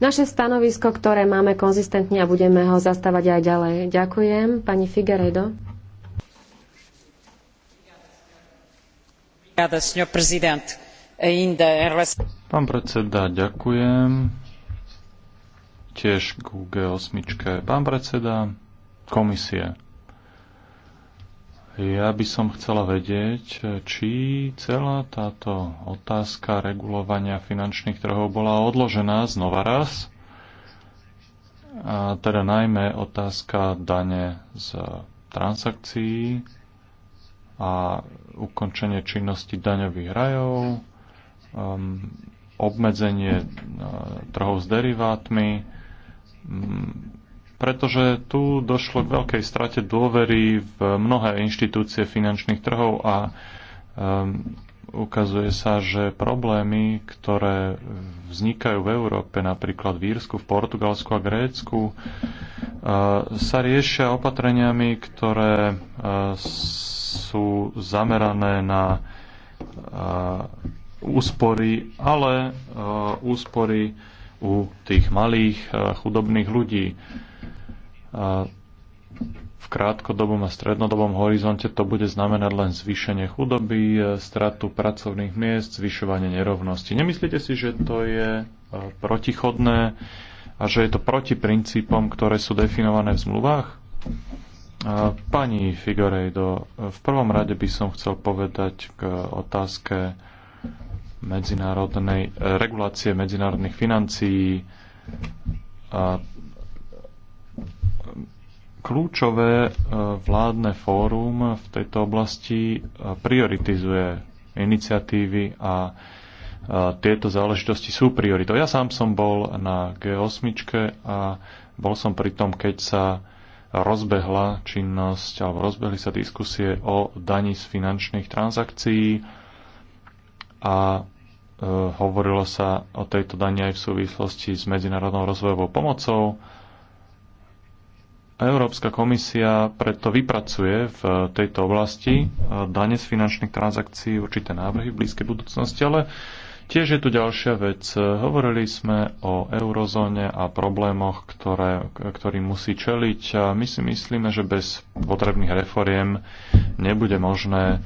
naše stanovisko, ktoré máme konzistentne a budeme ho zastávať aj ďalej. Ďakujem. Pani Figueredo. Obrigada, senhor Pán predseda, ďakujem. Tiež k G8. Pán predseda, komisie. Ja by som chcela vedieť, či celá táto otázka regulovania finančných trhov bola odložená znova raz, a teda najmä otázka dane z transakcií a ukončenie činnosti daňových rajov um, obmedzenie uh, trhov s derivátmi, um, pretože tu došlo k veľkej strate dôvery v mnohé inštitúcie finančných trhov a um, ukazuje sa, že problémy, ktoré vznikajú v Európe, napríklad v Írsku, v Portugalsku a Grécku, uh, sa riešia opatreniami, ktoré uh, sú zamerané na uh, úspory, ale e, úspory u tých malých e, chudobných ľudí. E, v krátkodobom a strednodobom horizonte to bude znamenať len zvýšenie chudoby, stratu pracovných miest, zvyšovanie nerovnosti. Nemyslíte si, že to je protichodné a že je to proti princípom, ktoré sú definované v zmluvách? Pani Figorejdo, v prvom rade by som chcel povedať k otázke medzinárodnej eh, regulácie medzinárodných financií. A eh, kľúčové eh, vládne fórum v tejto oblasti prioritizuje iniciatívy a tieto záležitosti sú prioritou. Ja sám som bol na G8 a bol som pri tom, keď sa rozbehla činnosť alebo rozbehli sa diskusie o daní z finančných transakcií a e, hovorilo sa o tejto dani aj v súvislosti s medzinárodnou rozvojovou pomocou. Európska komisia preto vypracuje v tejto oblasti e, dane z finančných transakcií určité návrhy v blízkej budúcnosti, ale tiež je tu ďalšia vec. Hovorili sme o eurozóne a problémoch, ktoré, ktorý musí čeliť a my si myslíme, že bez potrebných reforiem nebude možné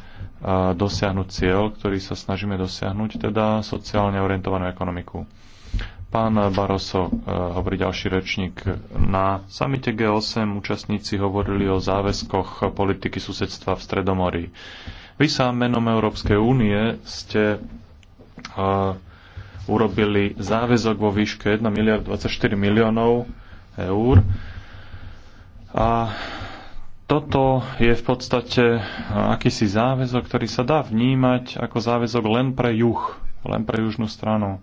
dosiahnuť cieľ, ktorý sa snažíme dosiahnuť, teda sociálne orientovanú ekonomiku. Pán Baroso, e, hovorí ďalší rečník, na samite G8 účastníci hovorili o záväzkoch politiky susedstva v Stredomorí. Vy sám menom Európskej únie ste uh, urobili záväzok vo výške 1 miliard 24 miliónov eur a toto je v podstate eh, akýsi záväzok, ktorý sa dá vnímať ako záväzok len pre juh, len pre južnú stranu.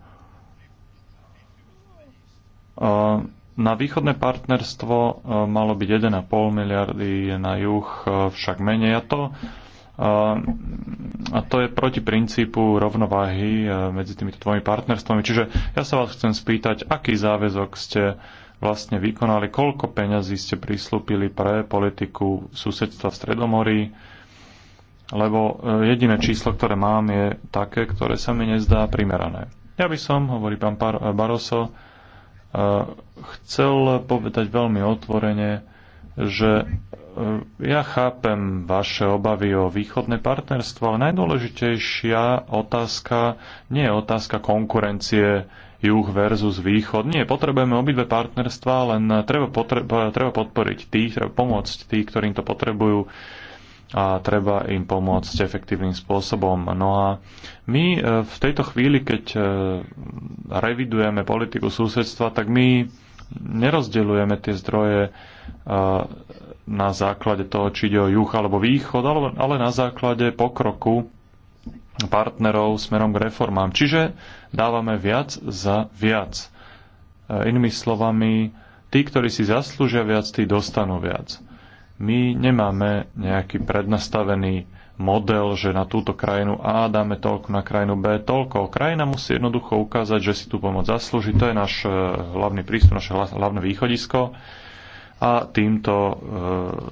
Eh, na východné partnerstvo eh, malo byť 1,5 miliardy, na juh však menej. A to, a to je proti princípu rovnováhy medzi týmito dvomi partnerstvami. Čiže ja sa vás chcem spýtať, aký záväzok ste uh, vlastne vykonali, koľko peňazí ste prislúpili pre politiku susedstva v Stredomorí, lebo e, jediné číslo, ktoré mám, je také, ktoré sa mi nezdá primerané. Ja by som, hovorí pán e, Baroso, e, chcel povedať veľmi otvorene, že ja chápem vaše obavy o východné partnerstvo, ale najdôležitejšia otázka nie je otázka konkurencie juh versus východ. Nie, potrebujeme obidve partnerstva, len treba, potre- treba podporiť tých, treba pomôcť tých, ktorým to potrebujú a treba im pomôcť efektívnym spôsobom. No a my e, v tejto chvíli, keď e, revidujeme politiku susedstva, tak my nerozdeľujeme tie zdroje e, na základe toho, či ide o juh alebo východ, ale na základe pokroku partnerov smerom k reformám. Čiže dávame viac za viac. E, inými slovami, tí, ktorí si zaslúžia viac, tí dostanú viac. My nemáme nejaký prednastavený model, že na túto krajinu A dáme toľko, na krajinu B toľko. Krajina musí jednoducho ukázať, že si tú pomoc zaslúži. To je náš e, hlavný prístup, naše hlavné východisko. A týmto e,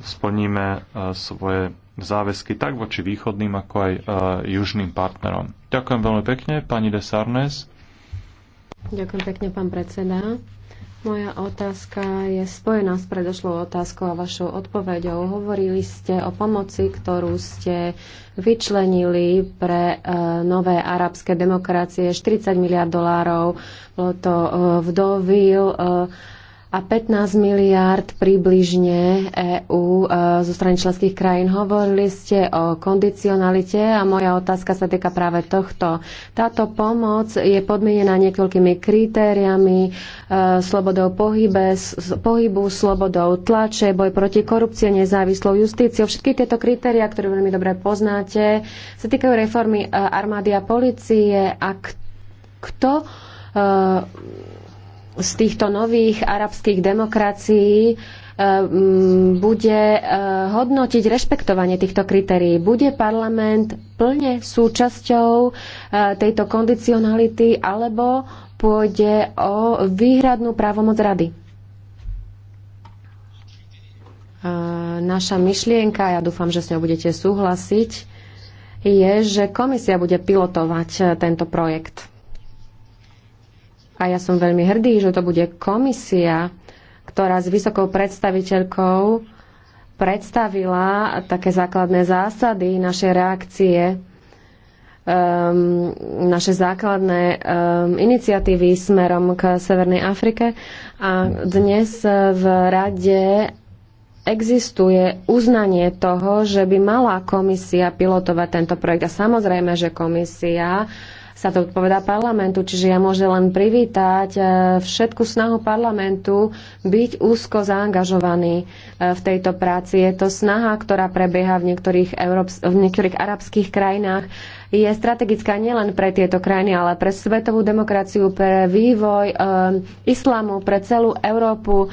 splníme svoje záväzky tak voči východným, ako aj e, južným partnerom. Ďakujem veľmi pekne, pani Desarnes. Ďakujem pekne, pán predseda. Moja otázka je spojená s predošlou otázkou a vašou odpoveďou. Hovorili ste o pomoci, ktorú ste vyčlenili pre e, nové arabské demokracie. 40 miliard dolárov bolo to e, vdovil. E, a 15 miliárd približne EÚ e, zo strany členských krajín. Hovorili ste o kondicionalite a moja otázka sa týka práve tohto. Táto pomoc je podmienená niekoľkými kritériami, e, slobodou pohybe, pohybu, slobodou tlače, boj proti korupcie, nezávislou justíciou. Všetky tieto kritéria, ktoré veľmi dobre poznáte, sa týkajú reformy e, armády a policie a kto z týchto nových arabských demokracií e, bude e, hodnotiť rešpektovanie týchto kritérií. Bude parlament plne súčasťou e, tejto kondicionality alebo pôjde o výhradnú právomoc rady? Naša myšlienka, ja dúfam, že s ňou budete súhlasiť, je, že komisia bude pilotovať tento projekt. A ja som veľmi hrdý, že to bude komisia, ktorá s vysokou predstaviteľkou predstavila také základné zásady naše reakcie, um, naše základné um, iniciatívy smerom k Severnej Afrike. A dnes v rade existuje uznanie toho, že by mala komisia pilotovať tento projekt. A samozrejme, že komisia uh, sa to odpovedá parlamentu, čiže ja môžem len privítať e, všetku snahu parlamentu byť úzko zaangažovaný e, v tejto práci. Je to snaha, ktorá prebieha v niektorých, Európs- v niektorých arabských krajinách. Je strategická nielen pre tieto krajiny, ale pre svetovú demokraciu, pre vývoj e, islamu, pre celú Európu.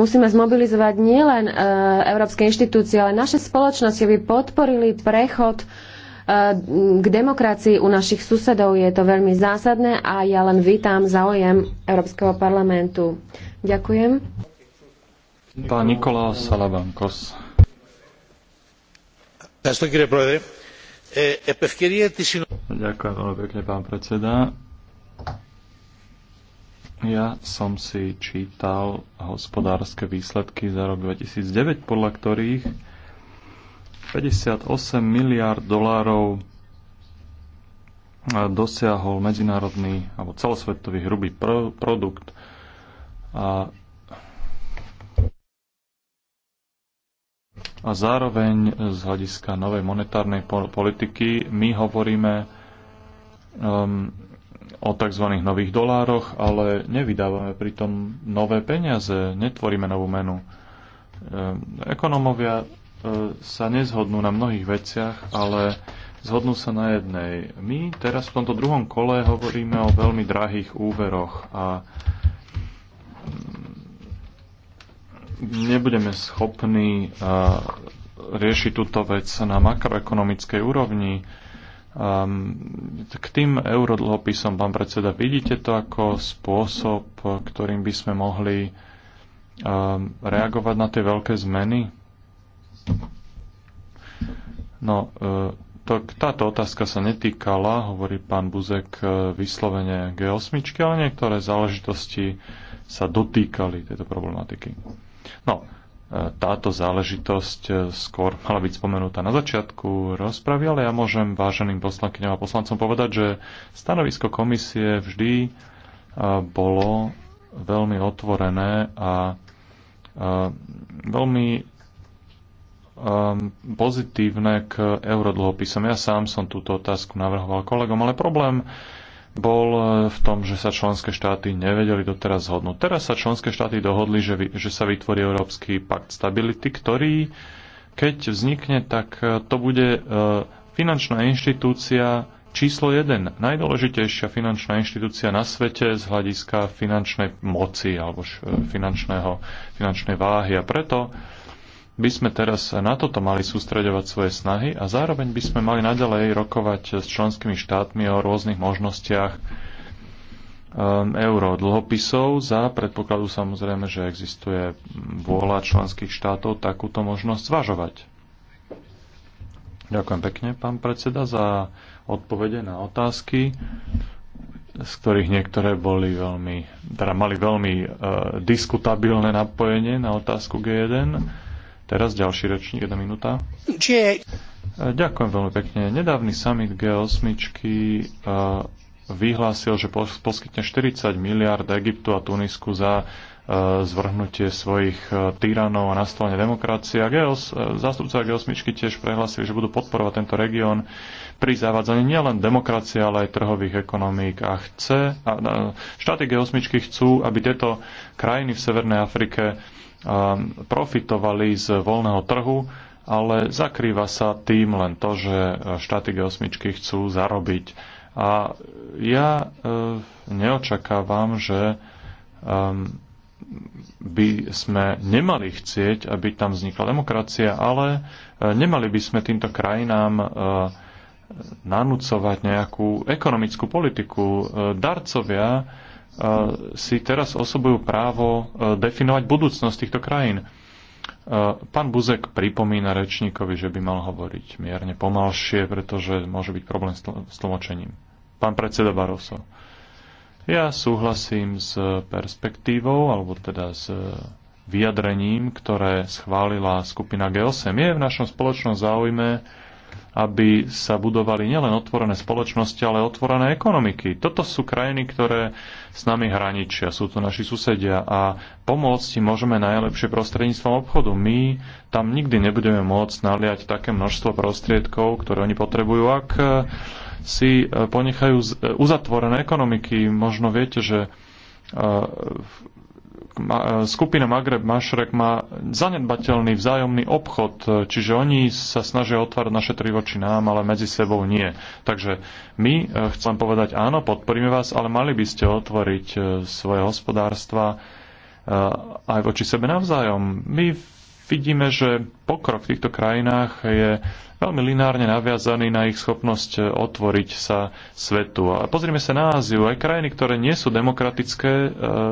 Musíme zmobilizovať nielen e, európske inštitúcie, ale naše spoločnosti, aby podporili prechod e, k demokracii u našich susedov. Je to veľmi zásadné a ja len vítam záujem Európskeho parlamentu. Ďakujem. Pán Nikolá Salabankos. Ďakujem veľmi pekne, pán predseda. Ja som si čítal hospodárske výsledky za rok 2009, podľa ktorých 58 miliard dolárov dosiahol medzinárodný alebo celosvetový hrubý pr- produkt. A, a zároveň z hľadiska novej monetárnej po- politiky my hovoríme um, o tzv. nových dolároch, ale nevydávame pritom nové peniaze, netvoríme novú menu. Um, ekonomovia sa nezhodnú na mnohých veciach, ale zhodnú sa na jednej. My teraz v tomto druhom kole hovoríme o veľmi drahých úveroch a mm, nebudeme schopní riešiť túto vec na makroekonomickej úrovni. K tým eurodlhopisom, pán predseda, vidíte to ako spôsob, ktorým by sme mohli reagovať na tie veľké zmeny? No, e, to, táto otázka sa netýkala, hovorí pán Buzek, e, vyslovene G8, ale niektoré záležitosti sa dotýkali tejto problematiky. No, e, táto záležitosť skôr mala byť spomenutá na začiatku rozpravy, ale ja môžem váženým poslankyňom a poslancom povedať, že stanovisko komisie vždy bolo veľmi otvorené a veľmi um, pozitívne k eurodlhopisom. Ja sám som túto otázku navrhoval kolegom, ale problém bol e, v tom, že sa členské štáty nevedeli doteraz zhodnúť. Teraz sa členské štáty dohodli, že, že sa vytvorí Európsky pakt stability, ktorý, keď vznikne, tak e, to bude e, finančná inštitúcia číslo 1, najdôležitejšia finančná inštitúcia na svete z hľadiska finančnej moci alebo finančného, finančnej váhy. A preto by sme teraz na toto mali sústreďovať svoje snahy a zároveň by sme mali naďalej rokovať s členskými štátmi o rôznych možnostiach ehm, euro dlhopisov za predpokladu samozrejme, že existuje vôľa členských štátov takúto možnosť zvažovať. Ďakujem pekne, pán predseda, za odpovede na otázky, z ktorých niektoré boli veľmi, teda mali veľmi uh, diskutabilné napojenie na otázku G1 Teraz ďalší ročník, jedna minúta. Čie? E, ďakujem veľmi pekne. Nedávny summit G8 e, vyhlásil, že poskytne 40 miliard Egyptu a Tunisku za e, zvrhnutie svojich tyranov a nastolenie demokracie. A Geos, zástupcovia G8 tiež prehlásili, že budú podporovať tento región pri zavádzaní nielen demokracie, ale aj trhových ekonomík. A, chce, a, a štáty G8 chcú, aby tieto krajiny v Severnej Afrike profitovali z voľného trhu, ale zakrýva sa tým len to, že štáty G8 chcú zarobiť. A ja e, neočakávam, že by sme nemali chcieť, aby tam vznikla demokracia, ale e, nemali by sme týmto krajinám e, nanúcovať nejakú ekonomickú politiku. Darcovia si teraz osobujú právo e, definovať budúcnosť týchto krajín. E, pán Buzek pripomína rečníkovi, že by mal hovoriť mierne pomalšie, pretože môže byť problém s tlmočením. Pán predseda Barroso, ja súhlasím s perspektívou, alebo teda s vyjadrením, ktoré schválila skupina G8. Je v našom spoločnom záujme aby sa budovali nielen otvorené spoločnosti, ale otvorené ekonomiky. Toto sú krajiny, ktoré s nami hraničia, sú to naši susedia a pomôcť si môžeme najlepšie prostredníctvom obchodu. My tam nikdy nebudeme môcť naliať také množstvo prostriedkov, ktoré oni potrebujú, ak eh, si eh, ponechajú eh, uzatvorené ekonomiky. Možno viete, že E, skupina Magreb Mašrek má zanedbateľný vzájomný obchod, e, čiže oni sa snažia otvárať naše tri voči nám, ale medzi sebou nie. Takže my e, chcem povedať áno, podporíme vás, ale mali by ste otvoriť svoje hospodárstva aj voči sebe navzájom. My vidíme, že pokrok v týchto krajinách je veľmi linárne naviazaný na ich schopnosť e, otvoriť sa svetu. A pozrime sa na Áziu. Aj krajiny, ktoré nie sú demokratické, e,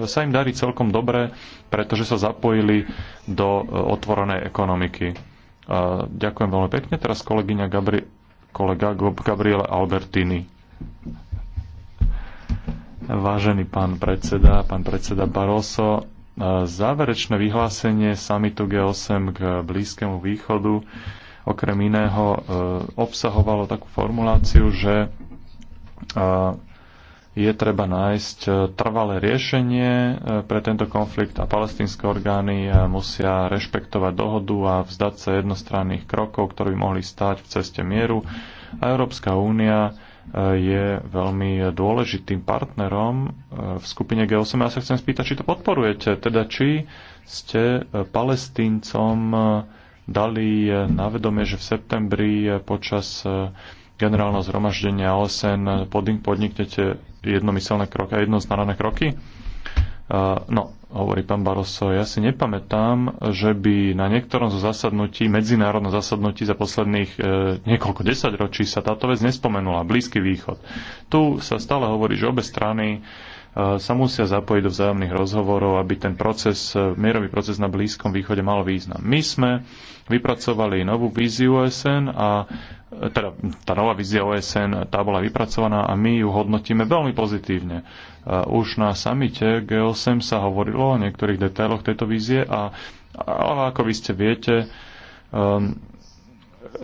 sa im darí celkom dobre, pretože sa zapojili do e, otvorenej ekonomiky. A ďakujem veľmi pekne. Teraz kolegyňa Gabri- kolega Gabriela Albertini. Vážený pán predseda, pán predseda Barroso, záverečné vyhlásenie samitu G8 k Blízkému východu okrem iného e, obsahovalo takú formuláciu, že e, je treba nájsť e, trvalé riešenie pre tento konflikt a palestinské orgány musia rešpektovať dohodu a vzdať sa jednostranných krokov, ktoré by mohli stáť v ceste mieru. A Európska únia je veľmi dôležitým partnerom v skupine G8. Ja sa chcem spýtať, či to podporujete, teda či ste palestíncom dali eh, na vedomie, že v septembri eh, počas eh, generálneho zhromaždenia OSN podniknete jednomyselné kroky a jednoznárané kroky? No, hovorí pán Baroso, ja si nepamätám, že by na niektorom zo zasadnutí, medzinárodnom zasadnutí za posledných e, niekoľko desaťročí sa táto vec nespomenula, Blízky východ. Tu sa stále hovorí, že obe strany sa musia zapojiť do vzájomných rozhovorov, aby ten proces, e, mierový proces na Blízkom východe mal význam. My sme vypracovali novú víziu OSN a e, teda tá nová vízia OSN, tá bola vypracovaná a my ju hodnotíme veľmi pozitívne. E, už na samite G8 sa hovorilo o niektorých detailoch tejto vízie a, a ako vy ste viete, um,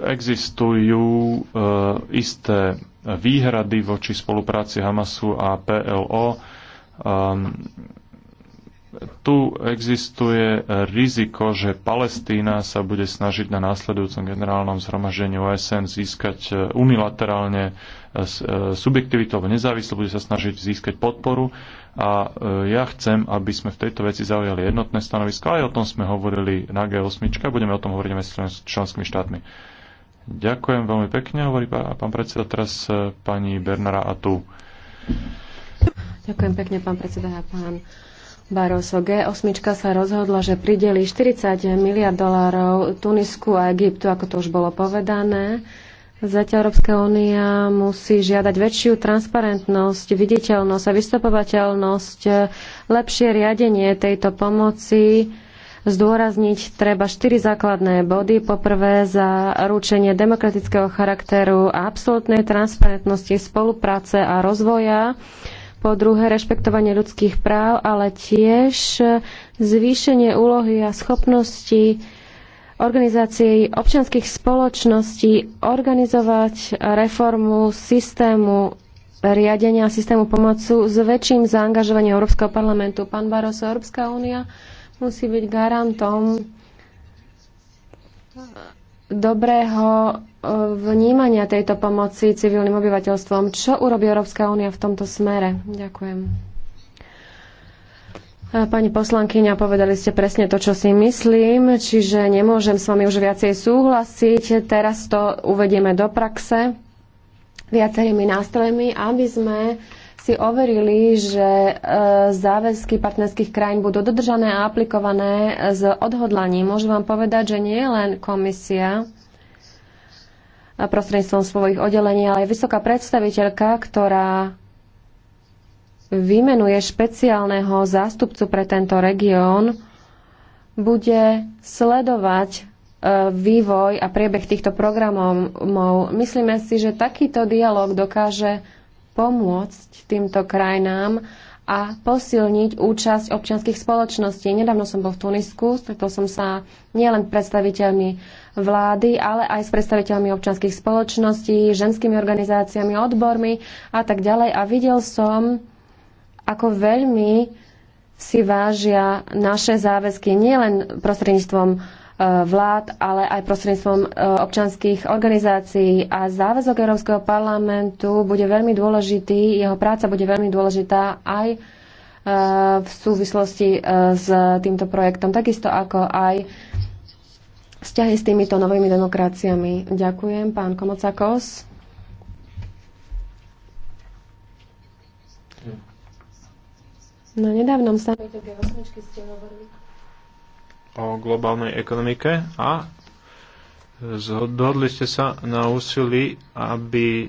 existujú uh, isté výhrady voči spolupráci Hamasu a PLO Um, tu existuje riziko, že Palestína sa bude snažiť na následujúcom generálnom zhromaždení OSN získať e, unilaterálne e, e, subjektivitu alebo nezávislosť, bude sa snažiť získať podporu a ja chcem, aby sme v tejto veci zaujali jednotné stanovisko. Aj o tom sme hovorili na G8 a budeme o tom hovoriť aj s členskými štátmi. Ďakujem veľmi pekne, hovorí pán predseda teraz pani Bernara a tu. Ďakujem pekne, pán predseda a pán Barroso. G8 sa rozhodla, že prideli 40 miliard dolárov Tunisku a Egyptu, ako to už bolo povedané. Zatiaľ Európska únia musí žiadať väčšiu transparentnosť, viditeľnosť a vystupovateľnosť, lepšie riadenie tejto pomoci. Zdôrazniť treba štyri základné body. Poprvé za ručenie demokratického charakteru a absolútnej transparentnosti spolupráce a rozvoja po druhé rešpektovanie ľudských práv, ale tiež zvýšenie úlohy a schopnosti organizácií občianských spoločností organizovať reformu systému riadenia a systému pomocu s väčším zaangažovaním Európskeho parlamentu. Pán Barroso, Európska únia musí byť garantom dobrého e, vnímania tejto pomoci civilným obyvateľstvom. Čo urobí Európska únia v tomto smere? Ďakujem. Pani poslankyňa, povedali ste presne to, čo si myslím, čiže nemôžem s vami už viacej súhlasiť. Teraz to uvedieme do praxe viacerými nástrojmi, aby sme uh, si overili, že e, záväzky partnerských krajín budú dodržané a aplikované s odhodlaním. Môžem vám povedať, že nie len komisia prostredníctvom svojich oddelení, ale aj vysoká predstaviteľka, ktorá vymenuje špeciálneho zástupcu pre tento región, bude sledovať e, vývoj a priebeh týchto programov. Myslíme si, že takýto dialog dokáže pomôcť týmto krajinám a posilniť účasť občianských spoločností. Nedávno som bol v Tunisku, stretol som sa nielen predstaviteľmi vlády, ale aj s predstaviteľmi občianských spoločností, ženskými organizáciami, odbormi a tak ďalej. A videl som, ako veľmi si vážia naše záväzky nielen prostredníctvom E, vlád, ale aj prostredníctvom e, občanských organizácií. A záväzok Európskeho parlamentu bude veľmi dôležitý, jeho práca bude veľmi dôležitá aj e, v súvislosti s týmto projektom, takisto ako aj vzťahy s týmito novými demokraciami. Ďakujem, pán Komocakos. Na nedávnom samite G8 ste hovorili o globálnej ekonomike a Zhodli ste sa na úsilí, aby e,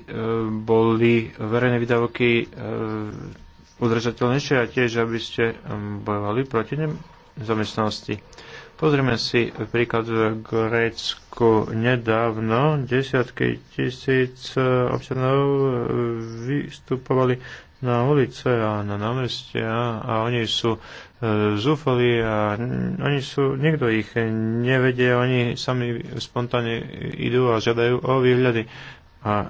boli verejné výdavky e, udržateľnejšie a tiež, aby ste e, bojovali proti nezamestnanosti. Pozrieme si príklad v Grécku nedávno. Desiatky tisíc občanov vystupovali na ulice a na námestia a oni sú zúfali a oni sú, nikto ich nevedie, oni sami spontánne idú a žiadajú o výhľady. A e,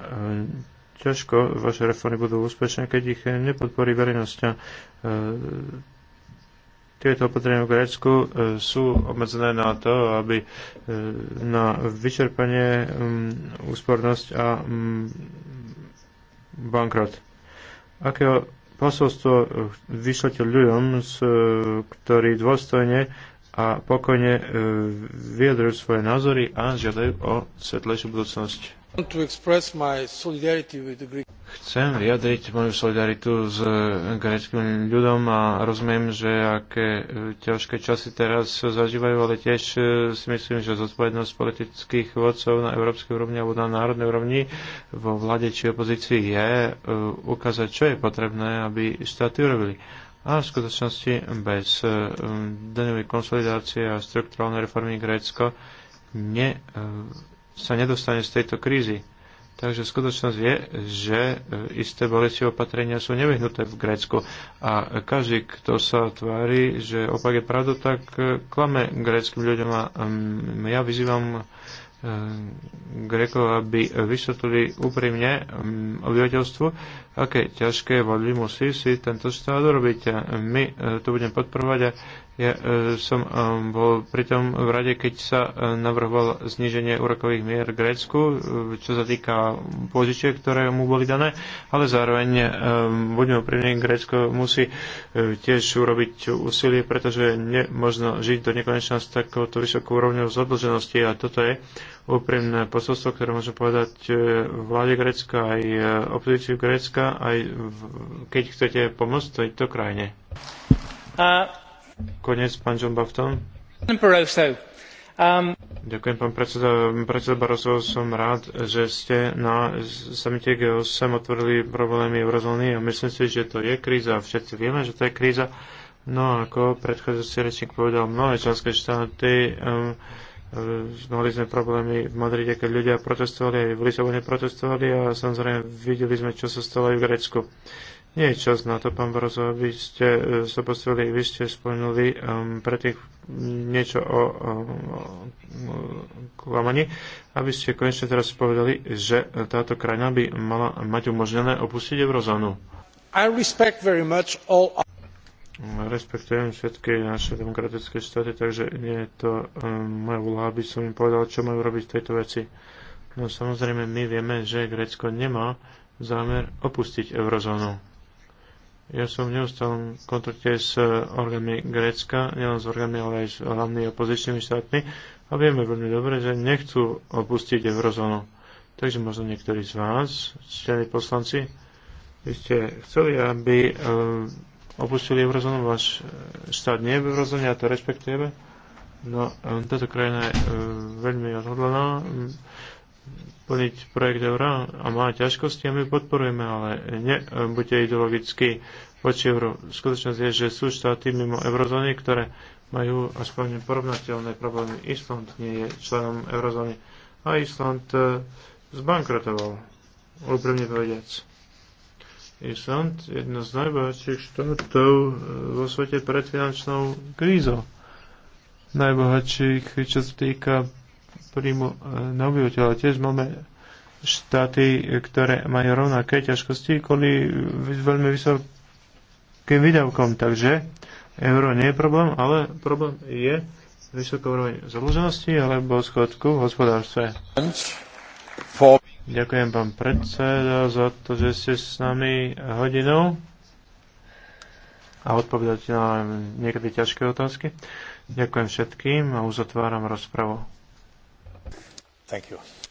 ťažko vaše reformy budú úspešné, keď ich nepodporí verejnosť. E, tieto opatrenia v Grécku e, sú obmedzené na to, aby na vyčerpanie, mm, úspornosť a mm, bankrot. Akého posolstvo eh, vyšlete ľuďom, eh, ktorí dôstojne a pokojne eh, vyjadrujú svoje názory a žiadajú o svetlejšiu budúcnosť. Chcem vyjadriť moju solidaritu s eh, greckým ľudom a rozumiem, že aké eh, ťažké časy teraz zažívajú, ale tiež eh, si myslím, že zodpovednosť politických vodcov na európskej úrovni alebo na národnej úrovni vo vláde či opozícii je ukázať, čo je potrebné, aby štáty urobili. A v skutočnosti bez daňovej konsolidácie a strukturálnej reformy Grécko ne sa nedostane z tejto krízy. Takže skutočnosť je, že e, isté bolesti opatrenia sú nevyhnuté v Grécku. A každý, kto sa tvári, že opak je pravda, tak e, klame gréckým ľuďom. A mm, ja vyzývam e, Grékov, aby vysvetlili úprimne mm, obyvateľstvu, aké ťažké voľby musí si tento štát urobiť. My e, to budem podporovať a ja e, som e, bol pritom v rade, keď sa navrhoval zníženie úrokových mier v Grécku, čo sa týka pozície, ktoré mu boli dané, ale zároveň, budeme úprimní, Grécko musí tiež urobiť úsilie, pretože je nemožno žiť do nekonečna s takouto vysokou úrovňou zadlženosti a toto je úprimné posolstvo, ktoré môžem povedať e, vláde Grécka, aj e, opozíciu Grécka, aj v, keď chcete pomôcť tejto krajine. Uh, Konec, pán John Bafton. Um, Ďakujem, pán predseda. Predseda Barroso, som rád, že ste na samite G8 otvorili problémy eurozóny a myslím si, že to je kríza. Všetci vieme, že to je kríza. No ako predchádzajúci rečník povedal, mnohé členské štáty um, mali sme problémy v Madride, keď ľudia protestovali, aj v Lisabone protestovali a samozrejme videli sme, čo sa stalo aj v Grécku. Nie je čas na to, pán Barozo, aby ste sa postavili, vy ste spomenuli um, pre tých niečo o, o, klamaní, aby ste konečne teraz povedali, že táto krajina by mala mať umožnené opustiť eurozónu. I respect very much all rešpektujem všetky naše demokratické štáty, takže nie je to um, moja úloha, aby som im povedal, čo majú robiť v tejto veci. No samozrejme, my vieme, že Grécko nemá zámer opustiť eurozónu. Ja som v neustálom kontakte s eh, orgánmi Grécka, nielen s orgánmi, ale aj s hlavnými opozičnými štátmi a vieme veľmi dobre, že nechcú opustiť eurozónu. Takže možno niektorí z vás, ctení poslanci, by ste chceli, aby um, opustili eurozónu, váš e, štát nie je v eurozóne a to rešpektujeme. No, e, táto krajina je e, veľmi odhodlaná plniť projekt eura a má ťažkosti a my podporujeme, ale ne, buďte ideologicky voči euro. Skutočnosť je, že sú štáty mimo eurozóny, ktoré majú aspoň porovnateľné problémy. Island nie je členom eurozóny a Island zbankrotoval, úprimne povediac. Island jedno z najbohatších štátov e, vo svete pred finančnou krízou. Najbohatších, čo sa týka príjmu e, na obyvateľa. Tiež máme štáty, ktoré majú rovnaké ťažkosti kvôli veľmi vysokým výdavkom. Takže euro nie je problém, ale problém je vysoká úroveň zadlženosti alebo schodku v hospodárstve. For... Ďakujem pán predseda za to, že ste s nami hodinu a odpovedáte na niekedy ťažké otázky. Ďakujem všetkým a uzatváram rozpravu. Thank you.